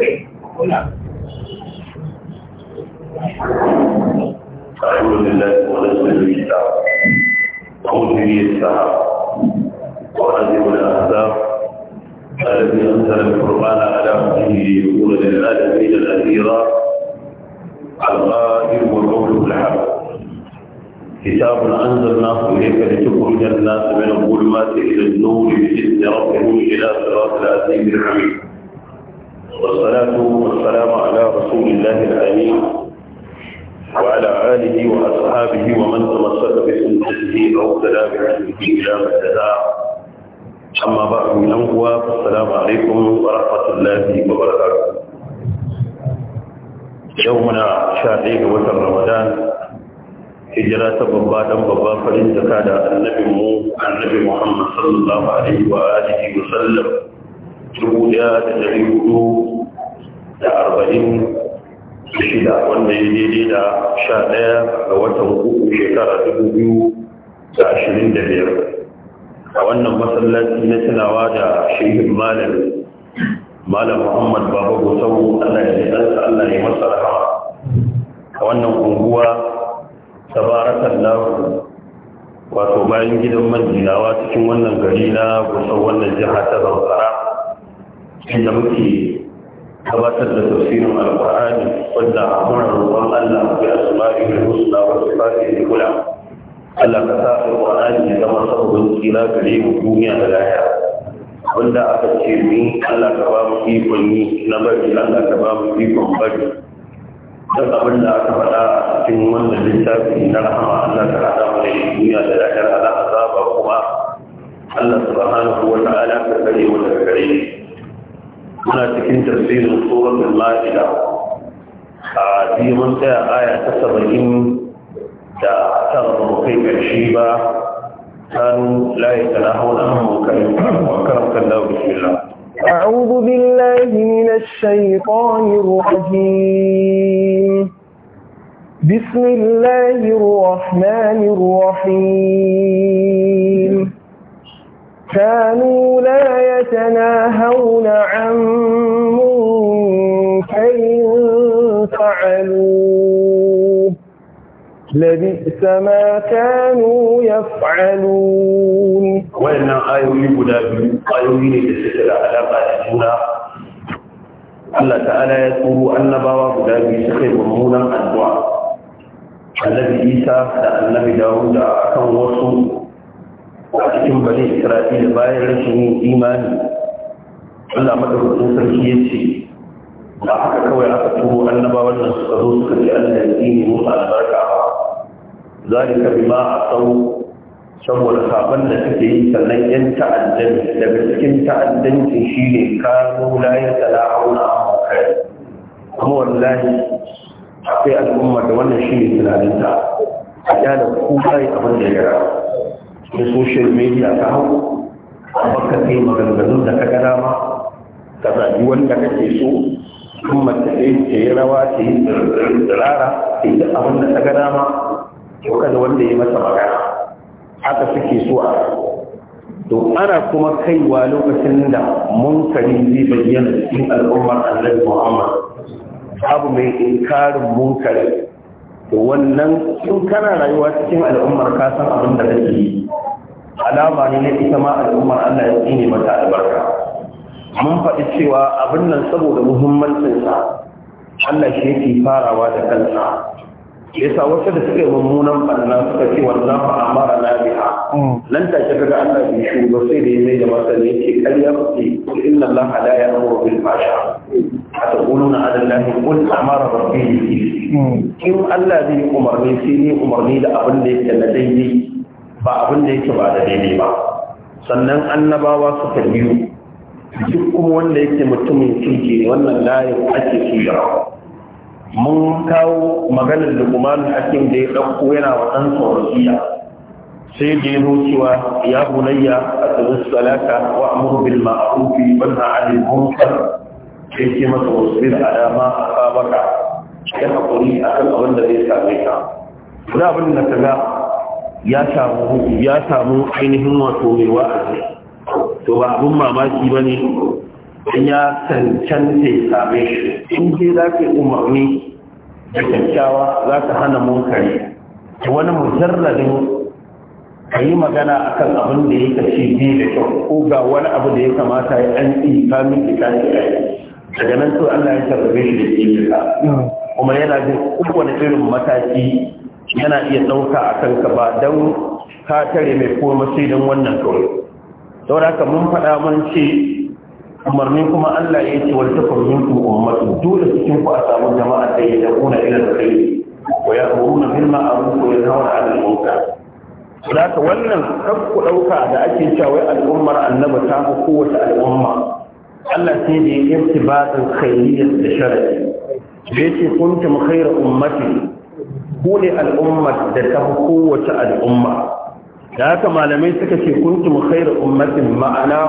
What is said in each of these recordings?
الحمد لله ونسأل الله وأعوذ به السحاب وأعذب الأحزاب الذي أنزل القرآن على أمره ليكون للعالمين نذيرا القائل وقوله الحق كتاب أنزلناه إليك لتخرج الناس من الظلمات إلى النور إلى صراط العزيز الحميد والصلاة والسلام على رسول الله الأمين وعلى آله وأصحابه ومن تمسك بسنته أو تلا بحديثه إلى مجدا أما بعد من أنقوى فالسلام عليكم ورحمة الله وبركاته يومنا شاهد وتر رمضان هجرة ta babba dan babba farin jaka النبي محمد صلى الله عليه وآله وسلم wa alihi wa da arba'in da shida wanda ya daidai da sha ɗaya ga watan uku shekara dubu biyu da ashirin da biyar a wannan masallaci na tunawa da shehin malam malam muhammad baba gusau allah ya ɗansa allah ya masa rahama a wannan unguwa tabarakan lahu wato bayan gidan manjinawa cikin wannan gari na gusau wannan jiha ta zamfara inda muke gabatar da tafsirin alƙur'ani wanda muna roƙon Allah bi asma'i da husna wa sifati da kula Allah ka sa alƙur'ani ya zama sabbin tsira gare mu duniya da lafiya wanda aka ce ni Allah ka ba mu ikon yi na bari Allah ka ba mu ikon bari duk abin da aka faɗa a cikin wannan littafi na rahama Allah ka rada mu da duniya da lafiya da azaba kuma Allah subhanahu wa ta'ala ka kare mu daga gare muna cikin tafsirin tsoron da lafiya a biyan tsaya aya ta saba'in da ta zama kai ƙarshe ba sanu layi ta na hau ɗan mawakarin mawakarin kan da wuce la. أعوذ بالله من الشيطان الرجيم بسم الله الرحمن الرحيم كانوا لا يتناهون عن منكر فعلوه لبئس ما كانوا يفعلون وإن آيوي بلابي آيوي لتسكر على قائدنا الله تعالى يقول أن بابا بلابي سخير ممونا الدعاء النبي إيسى النبي داود كان وصول a cikin bane isra'ila bayan rashin yin imani allah madaukakin sarki ya ce ba haka kawai aka turo annabawan nan suka zo suka ce allah ya tsini musu albarka ba zalika bima asau saboda saban da suke yi sannan yan ta'addanci daga cikin ta'addanci shi ne kano layin sana'auna a kai kuma wallahi akwai al'umma da wannan shi ne tunaninta a kyala kuka yi abin da ya rawa da social media ka hau baka sai maganganun da ka ga dama ka zaɓi wanda kake so kun mace ta yi rawa ta yi tsirara ta yi abin da ta ga dama to kada wanda ya masa magana haka suke so a to ana kuma kaiwa lokacin da munkari zai bayyana cikin al'ummar annabi Muhammad abu mai inkarin munkari wannan in kana rayuwa cikin al'ummar ka san abin da kake yi alama ne na ita ma al'ummar Allah ya tsine mata albarka mun faɗi cewa abin nan saboda muhimmancinsa Allah shi yake farawa da kansa yasa wasu da suka yi mummunan barna suka ce wannan fa amara na biha hmm. nan ta ce ga Allah bai shi ba sai da yayi da masani yake kariya ce qul inna Allah la ya'muru bil fahsha ataquluna ala Allah qul amara rabbi hmm. in Allah zai umarni sai ni umarni da abin da yake na daidai ba abin da yake ba da daidai ba sannan annabawa suka biyu duk kuma wanda yake mutumin kirki ne wannan layin ake su yarawa mun kawo maganar lukuman hakim da ya ɗauko yana wa ɗan tsorosiya sai da ya cewa ya bunayya a tsirin salata wa amur bil ma'arufi ban na alil munkar sai ce masa wasu bin alama a sabaka ya haƙuri a kan abin da zai same ka kuna abin da ka ga ya samu ya samu ainihin wato mai wa'azi to ba abin mamaki ba ne don ya cancanta ya same shi in ke za ka yi umarni da kyakkyawa za ka hana munkari da wani mujarradin ka yi magana a kan abin da ya kashe biyu da kyau ko ga wani abu da ya kamata ya ɗan yi kamin da kashi a daga nan to Allah ya sarrafe shi da tsirka kuma yana jin kowane irin mataki yana iya ɗauka a kan ka ba don ka tare mai koma sai don wannan kawai saboda haka mun faɗa mun ce umarni kuma Allah ya ce wal takum minkum ummatu dole cikin ku a samu jama'a da ya dauna ila alkhairi wa ya'muruna bil ya zama da al'umma. munkar ka wannan kakku dauka da ake cewa wai al'ummar annabi ta fi kowace al'umma Allah sai da ya irtibatin khairiyyar da sharadi da yace kuntum khairu ummati ku ne al'ummar da ta fi kowace al'umma da haka malamai suka ce kun kuntum khairu ummatin ma'ana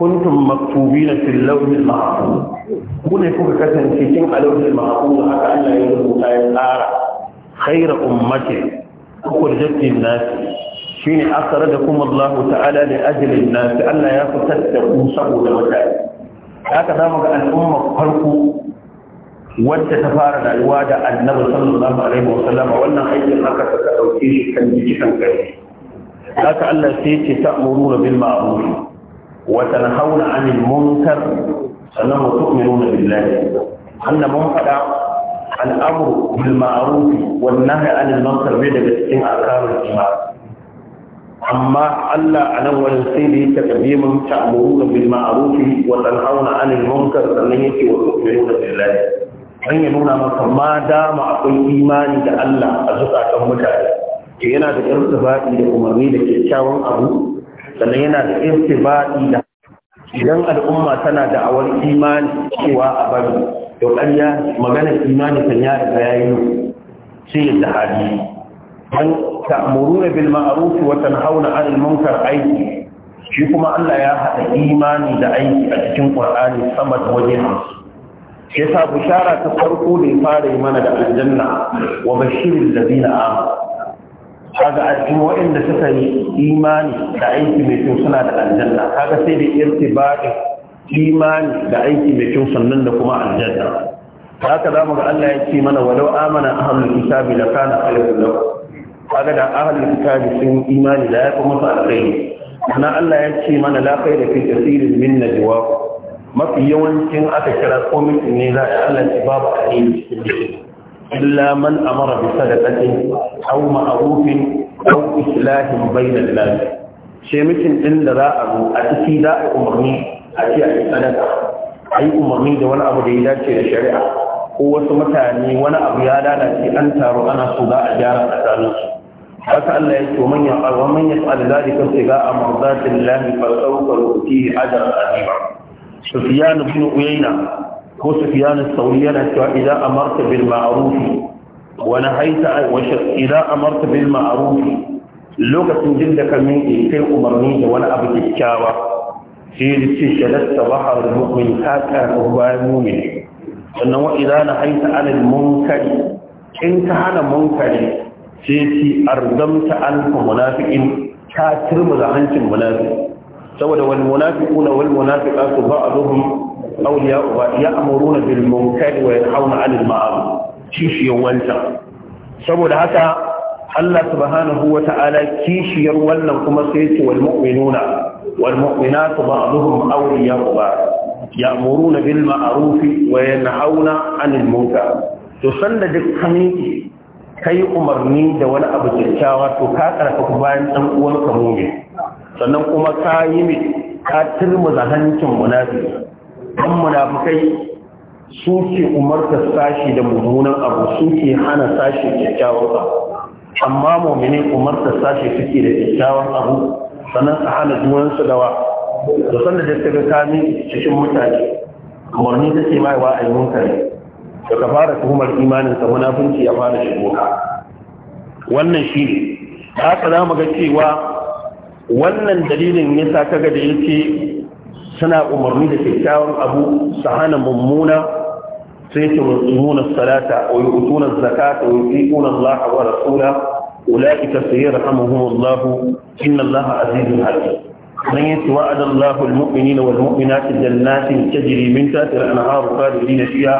kuntum maktubina fil lawhil mahfuz ku ne kuka kasance cikin alawhil mahfuz haka Allah ya rubuta ya tsara khayra ummati ukhrijat lin nas shine kuma Allah ta'ala da ajli lin nas Allah ya fitar da ku saboda mutane haka zamu ga al'umma farko wadda ta fara rayuwa da annabi sallallahu alaihi wasallam wannan aikin haka suka dauke shi kan jikin kai haka Allah sai ya ce ta'muruna bil ma'ruf وتنهون عن المنكر sannan wa tu'minuna billahi anna mun fada al'amru bil ma'ruf wan nahy 'anil munkar bai daga cikin akamul iman amma Allah anan wurin sai da yake tabimin ta'muruna bil ma'ruf wa tanhauna 'anil munkar sannan yake wa tu'minuna billahi dan ya nuna maka ma dama akwai imani da Allah a zukatan mutane ke yana da irtibai da umarni da kyakkyawan abu sannan yana da irtibaɗi da idan al'umma tana da awar imani cewa a bari to ƙarya maganar imani kan ya riga ya yi sai da hali dan ta'muruna bil ma'ruf wa hauna 'anil munkar aiki shi kuma Allah ya haɗa imani da aiki a cikin Qur'ani sama da waje shi yasa bushara ta farko da ya fara mana da aljanna wa bashiril ladina amanu kaga ga cikin waɗanda suka yi imani da aiki mai kyau suna da aljanna kaga sai da irtibaɗin imani da aiki mai kyau sannan da kuma aljanna haka za mu ga Allah ya ce mana walau amana ahlul kitabi la kana khayrun lahu kaga da ahlul kitabi sun imani da ya kuma alkhairi kana Allah ya ce mana la khayra fi kathirin min najwa mafi yawancin aka kira komai ne za a Allah ya babu alheri cikin illa man amara bi sadaqatin aw ma'rufin aw islahin bayn al-nas she mutun din da za a a cikin da umarni a ci a sadaqa ai umarni da wani abu da ya dace da shari'a ko wasu mutane wani abu ya dana ce an taro ana so za a gyara tsakanin su Allah ya ce man ya'al wa man yas'al zalika fa ga amradatillahi fa sawfa yu'tihi ajran adiba sufyan ibn uyayna ko Sufyan al-Thawri yana cewa idan amarta bil ma'ruf wa nahaita wa idan amarta bil ma'ruf lokacin jin da kamin kai umarni da wani abu kyakkyawa sai da ce shalatta bahar mu'min ta karɓi bayan mu'min sannan wa idan nahaita anil munkari in ka hana munkari sai ci arzamta alfa munafiqin ka turmuza hancin munafiq saboda wal munafiquna wal munafiqatu ba'dhum auliya uba ya amuruna bil munkar wa yanhauna 'anil ma'ruf kishiyar wancan saboda haka Allah subhanahu wa ta'ala kishiyar wannan kuma sai ce wal mu'minuna wal mu'minatu ba'dhum awliya ba ya'muruna bil ma'ruf wa yanhauna 'anil munkar to sanda dukkan kai umarni da wani abu kyakkyawa to ka karfafa bayan dan uwanka mu'min sannan kuma ka yi ka turmuza hancin munafiki dan munafikai suke umarta sashi da mummunan abu suke hana sashi kyakkyawan abu amma mummuni umarta sashi suke da kyakkyawan abu sannan su hana junansu dawa da sanda da ta ga kami cikin mutane umarni ta ce mai wa a yi mutane da ka fara tuhumar imanin sa munafunci ya fara shigo wannan shi ne haka za mu ga cewa wannan dalilin yasa kaga da yake suna umarni da kyakkyawan abu su hana mummuna sai su mummuna salata wa yu'tuna zakata wa yu'tuna Allah wa rasula ulaika sayarhamuhum Allah inna Allah azizun hakim dan yace wa'ada Allah al-mu'minina wal na jannatin tajri min na al-anhar khalidina na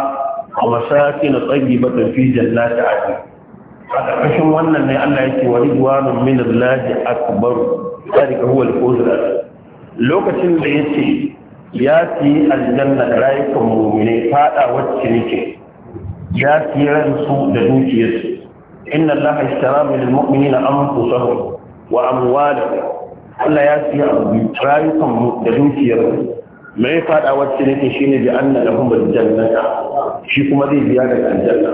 wa ba tayyibatan fi jannati 'adn a ƙarƙashin wannan ne Allah yake wa ridwanun min Allah akbar ذلك هو الفوز الأكبر lokacin da ya ce ya fi aljanna da rayukan mummune fada wacce nake ya fi ransu da dukiyarsu inna allaha ishtara min almu'minina anfusahum wa amwalahum Allah ya fi rayukan mu da dukiyar mai fada wacce nake shine bi anna lahum aljannata shi kuma zai biya daga aljanna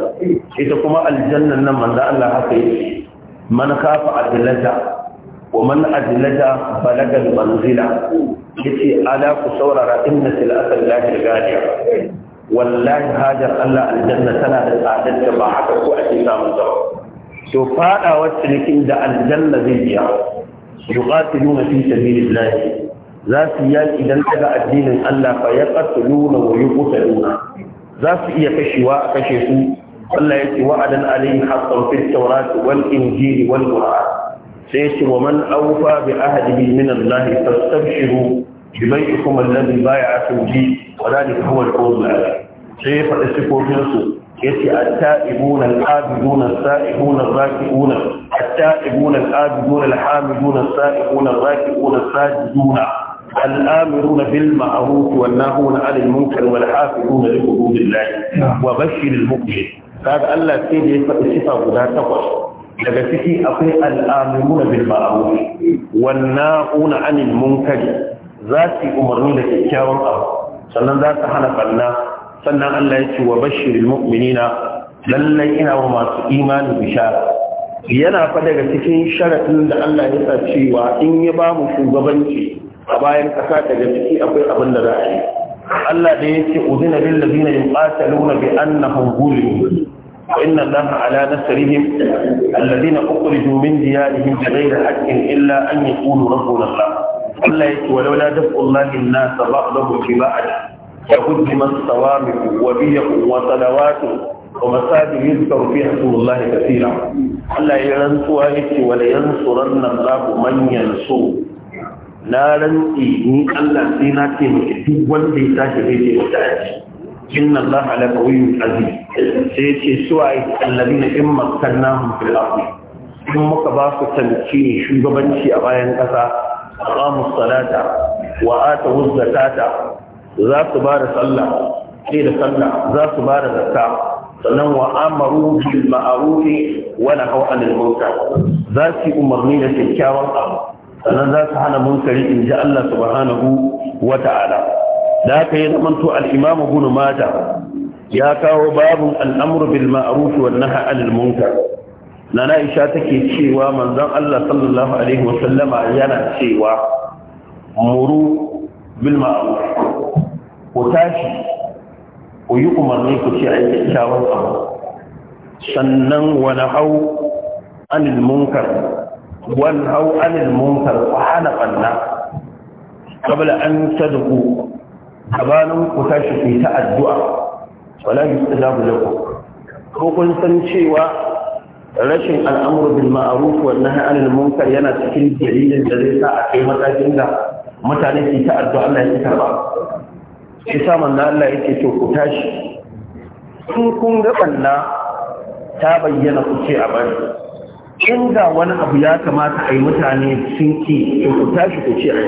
ita kuma aljannan nan manzo Allah haka yake man kafa adlata ومن أدلت بلغ المنزلة يتي ألا كسورة إن سلعة الله الغالية والله هاجر الله الجنة سنة الآدت بعد وأتي سامن تفاء وسلكين دا الجنة ذي يقاتلون في سبيل الله za su yaki idan daga addinin Allah fa ya qatluna wa yuqtaluna za su iya kashewa a kashe su Allah ya ce wa'adan alayhi haqqan fit sai ce wa man aufa bi ahadihi min Allah fastabshiru bi bai'ikum alladhi bai'atum bi wa dhalika huwa al-fawz sai faɗi sifofin su yace at-ta'ibun al-abidun as-sa'ibun ar-raki'un at-ta'ibun al-abidun al-hamidun as-sa'ibun ar-raki'un as-sajidun الآمرون بالمعروف والناهون عن المنكر والحافظون لحدود الله وبشر المؤمن هذا الله سيدي يفعل صفة guda takwas. daga ciki akwai al'amuruna bil ma'ruf wan na'una 'anil munkar za su umarni da kyakkyawan abu sannan za su hana banna sannan Allah ya ce wa bashiril mu'minina lallai ina wa masu imani bishara yana fa daga cikin sharaɗin da Allah ya sa cewa in ya ba mu shugabanci a bayan ƙasa daga ciki akwai abin da za a yi Allah da ya ce uzina lil ladina yuqataluna bi annahum zulimu وإن الله على نسرهم الذين أخرجوا من ديارهم بغير حق إلا أن يقولوا ربنا الله الله ولولا دفع الله الناس بعضهم ببعض لهدم الصوامع وبيع وصلوات ومساجد يذكر فيها اسم الله كثيرا الله ينصر ولينصرن الله من ينصره na rantsi ni Allah sai na taimaki duk wanda ya tashi zai taimaka shi inna allaha la qawiyyun aziz sai ce suwaye alladina in makkannahum fil ardi in muka ba su tamki shugabanci a bayan kasa aqamu salata wa atu zakata za su ba da sallah sai da sallah za su ba da zakka sannan wa amaru bil ma'ruf wa nahaw anil munkar za su umarni da kyakkyawan abu sannan za su hana munkari in ji Allah subhanahu wa ta'ala da aka yi zamanto al'imamu gunu mata ya kawo babin al'amuru bil ma'arufi wa naha alil na na'isha take cewa manzan Allah sallallahu alaihi wasallama yana cewa muru bil ma'ruf ku tashi ku yi umarni ku ce a kyakkyawan abu sannan wani hau anil munkar wani hau anil munkar ku hana banna kabla an tadku gabanin ku tashi ku ta addu'a wala yustajabu lakum ko kun san cewa rashin al'amru bil ma'ruf wa nahy anil munkar yana cikin dalilin da zai sa a kai matakin da mutane su ta addu'a Allah ya karba shi sa manna Allah yake to ku tashi in kun ga banna ta bayyana ku ce a bari in ga wani abu ya kamata a yi mutane sun ki ku tashi ku ce a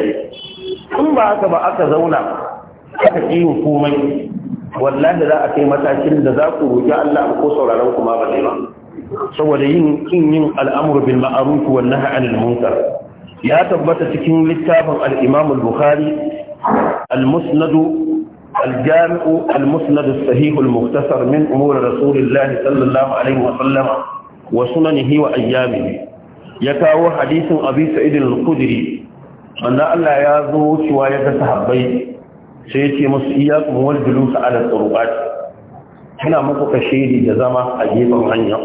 in ba haka ba aka zauna aka ƙi komai wallahi za a kai matakin da za ku roƙi Allah ko sauraron kuma ba zai saboda yin kin yin al'amru bil ma'ruf wan nahy anil munkar ya tabbata cikin littafin al-Imam al-Bukhari al-Musnad al-Jami' min umur Rasulillah sallallahu alaihi wa sallam wa sunanihi wa ayyamihi ya kawo hadisin Abi Sa'id al-Khudri manzo Allah ya zo wucewa ya ga sahabbai sai ya ce musu wani wal julusa ala turuqat kana muku kashedi da zama a gefen hanya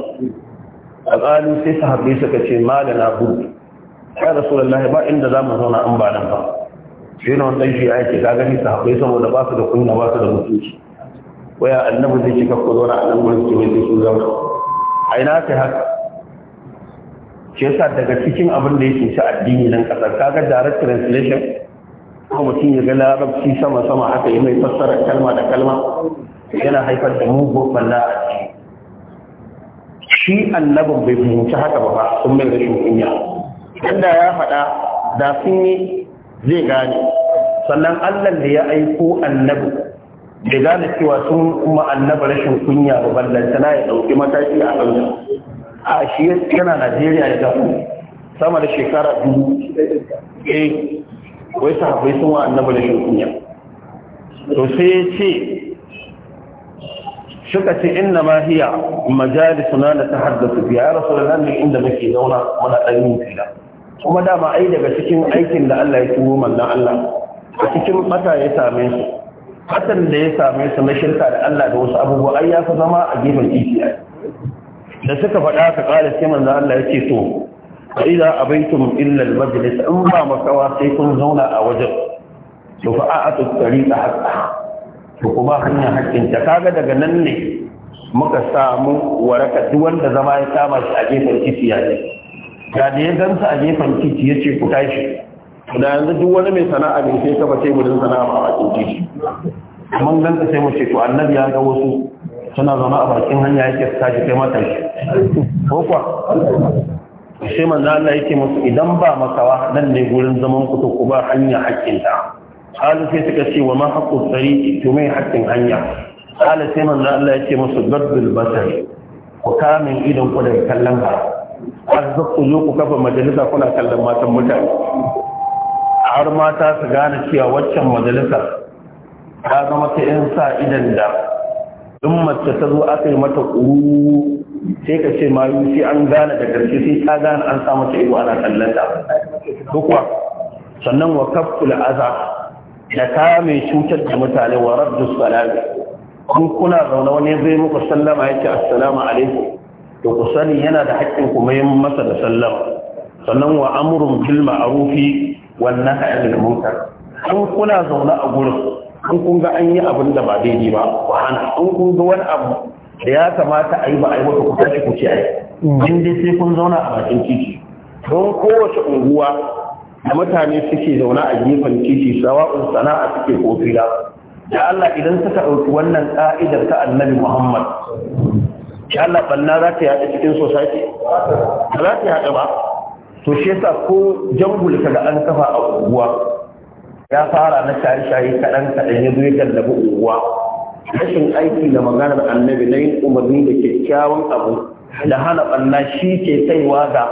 qalu sai sahabbai suka ce malana bud ya rasulullahi ba inda zamu zauna an ba nan ba sai na dan shi yake ka gani sahabbai saboda ba su da kunna ba su da mutunci waya annabi zai ci kakko zauna a nan gurin ki wai su zauna a ina kai haka shi sa daga cikin abin da yake ci addini nan ƙasar kaga direct translation kuma mutum ya ga larabci sama sama aka yi mai fassarar kalma da kalma yana haifar da mugu balla a ciki shi annabin bai fahimci haka ba ba sun mai rashin kunya dan ya faɗa da sun yi zai gane sannan Allah da ya aiko annabi da gane cewa sun kuma annaba rashin kunya ba ballantana ya ɗauki mataki a kansu a shi yana najeriya ya gafi sama da shekara biyu wai sahabai sun wa annabi da kunya to sai ya ce Shuka ce inna ma hiya majalisuna na ta haddasa ya rasulullahi ne inda muke zauna muna dan yin fila kuma dama ai daga cikin aikin da Allah ya turo mallan Allah a cikin mata ya same su hatan da ya same su na shirka da Allah da wasu abubuwa ai ya fi zama a gefen titi da suka faɗa ka ƙara sai manzan Allah ya ce to فإذا أبيتم إلا المجلس إما مكواسيكم زونا أوجب شفاءة الطريق حقها فكما حنا حق انت كاغا daga nan ne muka samu waraka duk zama ya kama shi a gefen titi ya ce da ya gansa a gefen ya ce ku da yanzu duk wani mai sana'a ne sai ka bace gudun sana'a a bakin titi mun ganta sai mu ce to annabi ya ga wasu suna zama a bakin hanya yake tashi kai mata shi ko kwa sai manzo Allah yake musu idan ba makawa nan ne gurin zaman ku to ku ba hanya hakkinta ta sai suka ce wa ma haqqu tariqi to mai hakkin hanya halu sai manzo Allah yake musu gaddul basar ku kamin idan ku da kallon ba har za ku zo ku kafa majalisa kuna kallon matan mutane har mata su gane cewa waccan majalisa ta zama ta 'yan sa idan da in mace ta zo aka yi mata ƙuru sai ka ce mayu sai an gane da karshe sai ta gane an samu ta ido ana kallanta dukwa sannan wa kafkul aza da kame cutar da mutane wa raddu salami kun kuna zaune wani zai muku sallama yake assalamu alaikum to ku sani yana da haƙƙin ku mai masa da sallama sannan wa amrun bil ma'rufi wan nahyi anil munkar kun kuna zaune a gurin kun kun ga an yi abin da ba daidai ba ku hana kun kun ga wani abu da ya kamata a yi ba a yi wata kuka ku ci a yi in dai sai kun zauna a bakin titi don kowace unguwa da mutane suke zauna a gefen titi sawa'un sana'a suke ko fila da Allah idan suka ɗauki wannan ka'idar ta annabi Muhammad ya Allah banna za ta yaɗa cikin society ba za ta yaɗa ba to shi yasa ko jangul ka da an kafa a unguwa ya fara na shaye-shaye kaɗan kaɗan ya zo ya gallabi unguwa rashin aiki da maganar annabi na yin umarni da kyakkyawan abu da hana ɓanna shi ke kaiwa ga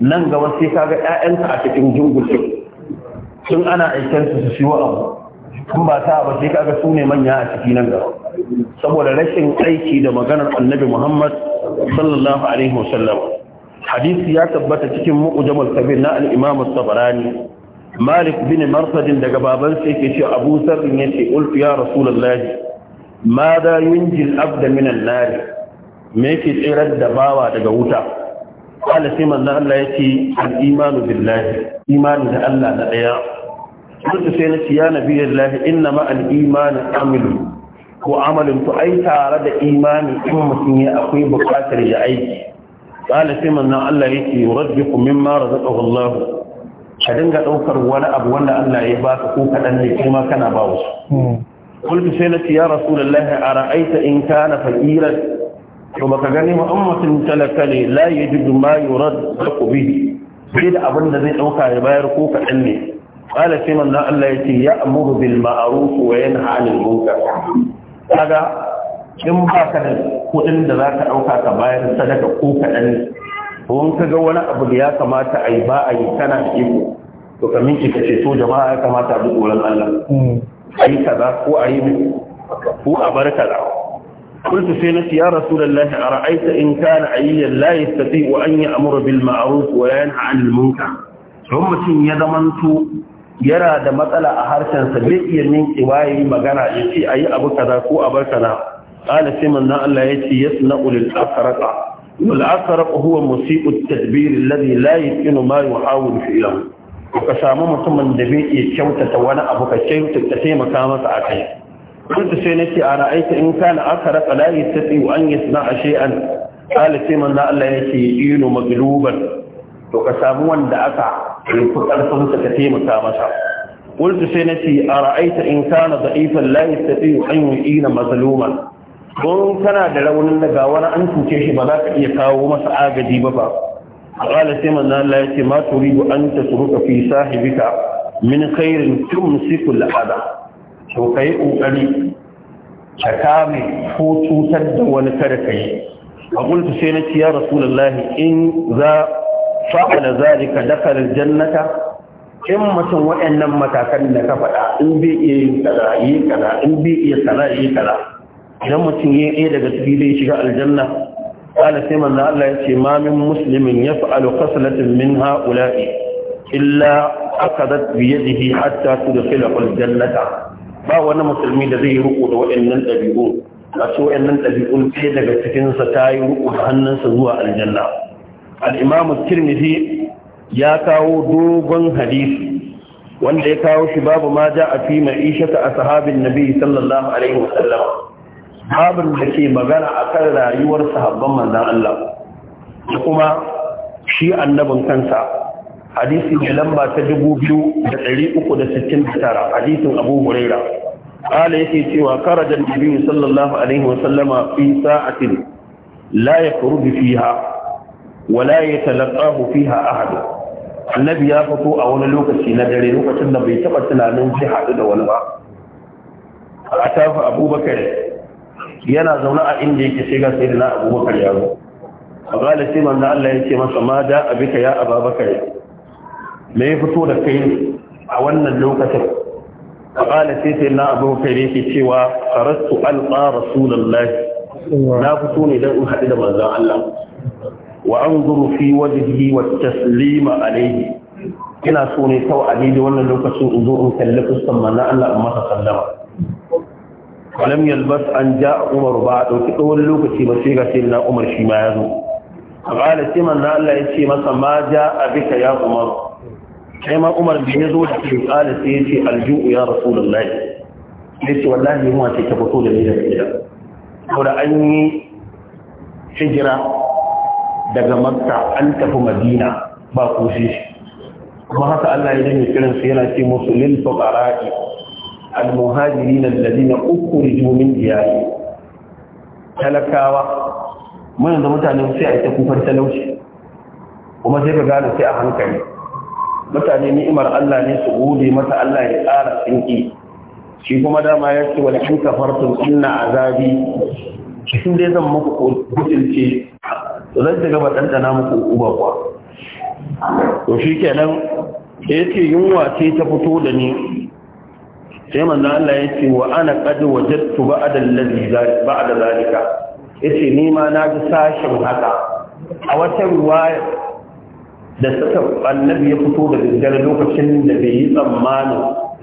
nan gaba sai kaga ƴaƴanta a cikin jingushin sun ana aikin su su siyo abu kun ba ta ba sai kaga su ne manya a ciki nan gaba saboda rashin aiki da maganar annabi muhammad sallallahu alaihi wasallam hadisi ya tabbata cikin mu'jamul kabir na al-imam tabarani malik bini marsad daga baban sai yake ce abu sarrin yace ulfi ya rasulullahi ma da yunjil abda minan nari me yake tsirar da bawa daga wuta kala sai manzo Allah yake al imanu billahi imani da Allah na daya kuma sai na ciya nabiyillahi inna ma al imanu amilu ko amalin ai tare da imani in mutum ya akwai bukatar ya aiki kala sai manzo Allah yake yurabbiku mimma razaqahu Allah ka dinga ɗaukar wani abu wanda Allah ya baka ko kaɗan ne kuma kana ba wasu kullu sai na ya rasulullahi a ra'aita in kana faqiran to baka gani ma ummatin talaka ne la yajidu ma yurad bihi sai da abin da zai dauka ya bayar ko kaɗan ne qala sai manzo Allah yace ya'muru bil ma'ruf wa yanha 'anil munkar kaga in ba ka da kuɗin da za ka ɗauka ka bayar sadaka ko kaɗan ne to in ga wani abu da ya kamata a yi ba a yi kana da iko to ka minci to jama'a ya kamata a bi tsoron Allah a yi kaza ko a yi mini ko a bar kaza kulta sai na siya rasulun ra'aita in ka na ayyar layi ta anyi wa an yi amura bil ma'aruf a alimunka sau mutum ya yana da matsala a harshensa bai iya min kiwaye magana ya ce a yi abu kaza ko a bar kaza ƙala sai manna Allah ya ce yasu na ulil asaraka ulil asaraka huwa musiƙu tadbiri ladi layi ma yi wa awon ka samu mutumin da bai iya kyautata wani abu ka kyautata taimaka masa a kai kuntu sai na nake a ra'aita in ka na aka raka layi ta tsiyu an yi suna a shi'an ala sai manna Allah yake ino magluban to ka samu wanda aka rufu karfin sa ka taimaka masa kuntu sai na nake a ra'aita in ka na za'ifan layi ta tsiyu an yi ina mazluman don kana da raunin daga wani an cuce shi ba za ka iya kawo masa agaji ba ba qala sai manzo Allah yace ma turidu an tasruka fi sahibika min khairin tun al la'ada. to kai kokari ka kame ko cutar da wani kada kai a qultu sai na ya rasulullahi in za fa'ala zalika dakhala al-jannata in mutum waɗannan matakan da ka faɗa in bai iya yin kaza yi kaza in bai iya kaza yi kaza idan mutum ya ɗaya daga ciki zai shiga aljanna ƙala sai manna Allah ya ce mamin musulmin ya fa’alu kasalatin min ha’ula’i illa aka zafi ya zihi hatta su da filafin jannata ba wani musulmi da zai ruku da wa’yannan ɗabi’u a ce wa’yannan ɗabi’un ɗaya daga cikinsa ta yi ruku da hannunsa zuwa aljanna al’imamu kirmiti ya kawo dogon hadisi wanda ya kawo shi babu ma ja a fi ma’ishata a sahabin nabi sallallahu babin da ke magana a kan rayuwar sahabban manzan Allah da kuma shi annabin kansa hadisi mai lamba ta 2369 hadisin Abu Huraira قال يتي cewa خرج النبي صلى الله عليه fi في ساعة لا يخرج فيها ولا يتلقاه فيها أحد annabi ya fito a wani lokaci na dare lokacin da bai taba tunanin zai haɗu da wani ba a tafi abubakar yana zaune a inda yake sai ga sayyidina abubakar ya zo faqala sai manzo Allah ya ce masa ma da abika ya ababakar me ya fito da kai a wannan lokacin faqala sai sayyidina abubakar yake cewa qarastu alqa rasulullahi na fito ne dan in haɗu da manzo Allah wa anzuru fi wajhihi wa taslima alayhi ina so ne kawai a daidai wannan lokacin in zo in kalli fuskan manzo Allah amma masa sallama falam yalbas an ja umar ba a ɗauki tsawon lokaci ba sai ga sai na umar shi ma ya zo a ƙala sai na Allah ya ce masa ma ja a bika ya umar sai ma umar bin zo da ke ƙala sai ya ce alju'u ya rasulullahi ya ce wallahi yunwa ce ta fito da ni daga gida da an yi hijira daga makka an tafi madina ba kusi kuma haka Allah ya dinga kiransu yana ce musu lil fuqara'i المهاجرين الذين أخرجوا من ديارهم talakawa mun yanzu mutane sai a ita kufar talauci kuma sai ka gane sai a hankali mutane ni'imar Allah ne su gode mata Allah ya tsara tsinki shi kuma dama ya ce wani in kafartum inna azabi in dai zan muku kutilce to zan shiga ba ɗanɗana muku uba kuwa to shi kenan da ce yunwa ce ta fito da ni sai manzo Allah ya ce wa ana qad wajadtu ba'da allazi ba'da zalika yace ni ma na ji sashen haka a wata riwaya da saka annabi ya fito da daddare lokacin da bai yi tsammani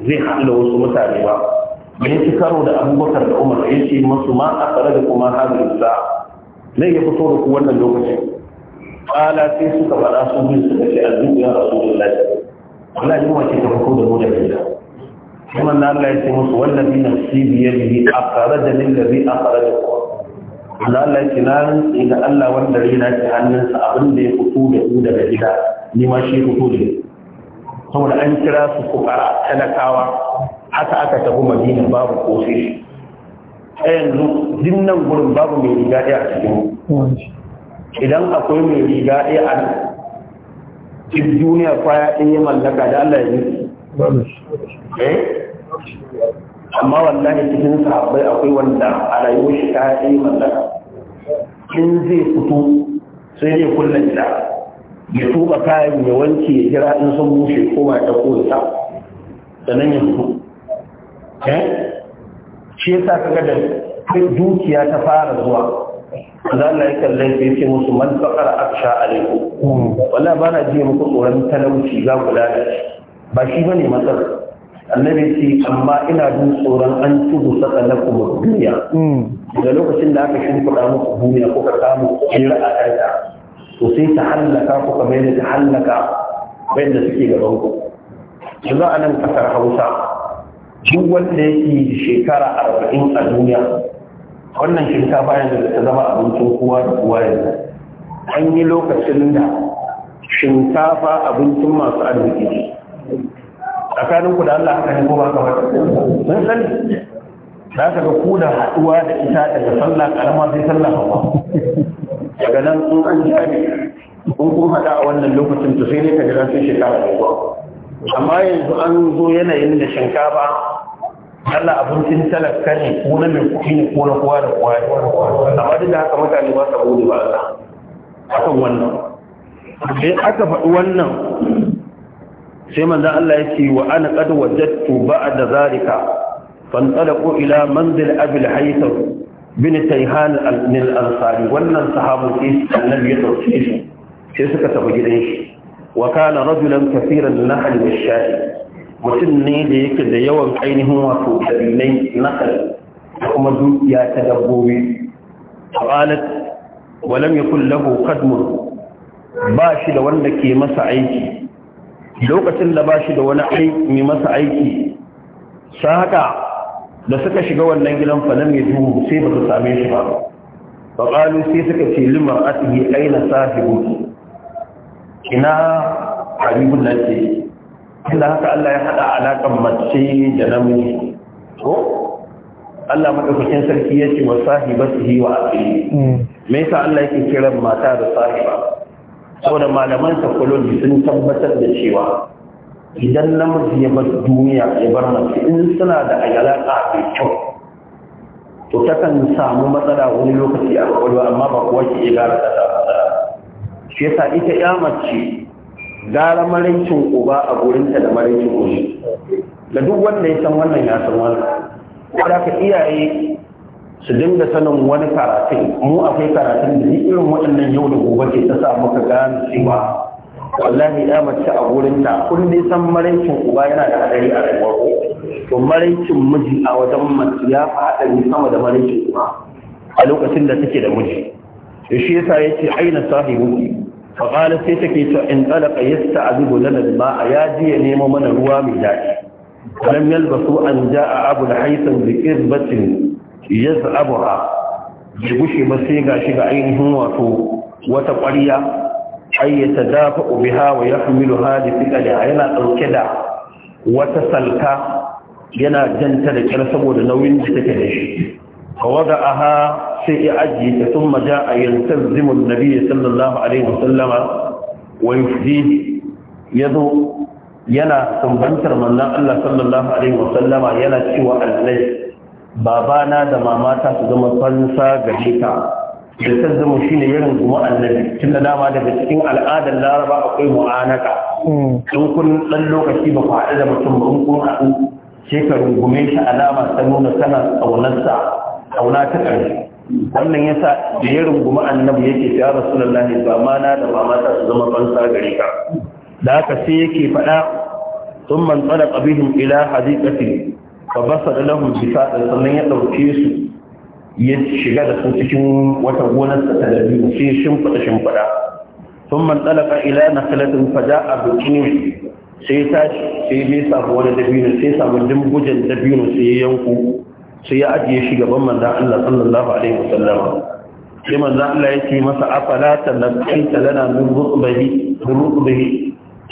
zai haɗa wasu mutane ba bai yi karo da abubakar da umar ya ce masu ma a tsare da kuma hazin sa zai ya fito da ku wannan lokacin ƙala sai suka faɗa sun bin suka ce a zuƙiyar rasulun lafiya wala yi wace ta fito da mu da gida kuma na Allah ya ce musu wallafi na fi biye biyi a tsare da min da zai a tsare da kuwa na Allah ya ce na rantsi da Allah wanda rai na ke hannunsa abin da ya fito da ku daga gida ni ma shi fito da saboda an kira su fukara, talakawa haka aka tafi madina babu ko sai a yanzu dinnan gurin babu mai riga ɗaya a cikin idan akwai mai riga ɗaya a cikin duniya kwaya ɗaya mallaka da Allah ya yi eh amma wallahi cikin sahabbai akwai wanda a rayuwar shi ta yi mallaka in zai fito sai zai kulla gida ya tuba kayan ya wanke ya jira in sun bushe ko ba ta kosa sannan ya fito eh? shi yasa kaga da dukiya ta fara zuwa za Allah ya kallon sai ce musu man fakar aksha alaikum hmm. wala ba na ji muku tsoron talauci za ku lalace ba shi bane matsalar annabi ce amma ina jin tsoron an tudu saka na kuma duniya hmm. da lokacin da aka shimfiɗa muku duniya kuka samu kira a ƙarƙa to sai ta hallaka kuka mai da ta hallaka bayan da suke gaban ku za a nan ƙasar hausa duk wanda yake shekara arba'in a duniya wannan shinkafa yanzu da ta zama abincin kowa da kowa yanzu an yi lokacin da shinkafa abincin masu arziki tsakaninku da Allah aka yi ko ba ka ba mun sani za ka ga ku da haɗuwa da ita daga sallah karama sai sallah hawa daga nan sun an jami kun kun haɗa a wannan lokacin to sai ne ka jira sai shekara da amma yanzu an zo yanayin da shinkafa Allah abincin talaka ne ko na mai kuɗi ne ko na kowa da kowa amma duk da haka mutane ba sa gode ba Allah akan wannan sai aka faɗi wannan sai manzon Allah yake wa ana da zarika ba'da zalika ko ila manzil abil haytham bin tayhan al-ansari wannan sahabu ke sannan ya dauke shi sai suka tafi gidan shi wa kana rajulan kaseeran nahl wa sha'i mutum ne da yake da yawan ainihin wato dalilai nakal da kuma dukiya ta dabbobi qalat wa lam yakul lahu qadmun ba shi da wanda ke masa aiki lokacin da ba shi da wani aiki masa aiki sa haka da suka shiga wannan gidan falam ya duhu sai ba su same shi ba faƙalu sai suka ce liman asibi aina sahibu ina haribun nan ce inda haka Allah ya haɗa alaƙar mace da namiji ko Allah maɗaukakin sarki ya ce wa sahibatihi wa asiri hmm. me yasa Allah yake kiran mata da sahiba saboda malaman psychology sun tabbatar da cewa idan namiji ya bar duniya ya bar mace in suna da a mai kyau to takan samu matsala wani lokaci a kwakwalwa amma ba kuwa ke gara ta shi yasa ita ya mace gara maraicin uba a gurinta da maraicin uba da duk wanda ya san wannan ya san wannan wadda ka iyaye su dinga sanin wani karatun mu akwai karatun da ni irin waɗannan yau da gobe ke ta sa muka gane cewa wallahi ya mace a gurin ta kun dai san maraicin uba yana da hadari a rayuwar ku to maraicin miji a wajen mace ya fi sama da maraicin uba a lokacin da take da miji to shi yasa yace aina sahibuki fa qala sai take to in talaqa yasta'dibu lana al-ma'a ya ji ya nemo mana ruwa mai daɗi lam yalbasu an ja'a abu haytham bi qirbatin ya za'abuha bai gushe ba sai ga shi ga ainihin wato wata ƙwariya ayyata dafa tadafa ubiha wa ya hamilu hali fiƙaliha yana ɗauke da wata salka yana janta da ƙyar saboda nauyin da take da shi kawada aha sai ya ajiye ta sun maja a yantar zimun nabi sallallahu alaihi wasallama wa yufdi ya zo yana sumbantar mannan allah sallallahu alaihi wasallama yana cewa annai babana da mamata su zama fansa gare ka da ta zama shi ne yarin kuma annabi tun da dama daga cikin al'adar laraba akwai mu'anaka in hmm. kun dan lokaci ba ku haɗu da mutum in kun haɗu rungume shi alama ta nuna kana ƙaunarsa ƙauna ta ƙarshe wannan ya sa da ya rungumi annabi yake ya rasulullahi ba mana da mamata su zama fansa gare ka da haka sai yake faɗa sun man tsara ƙabihin ila haziƙatin fa basada lahu bisada sannan ya dauke su ya shiga da su cikin wata gonar ta talabi sai shimfida shimfida ثم انطلق الى نخله فجاء بكنيس sai tashi sai je samu wani dabino sai samu dimbujen dabino sai ya yanku sai ya ajiye shi gaban manzan Allah sallallahu alaihi wasallam sai manzan Allah ya ce masa afala tanqaita lana min rutbihi rutbihi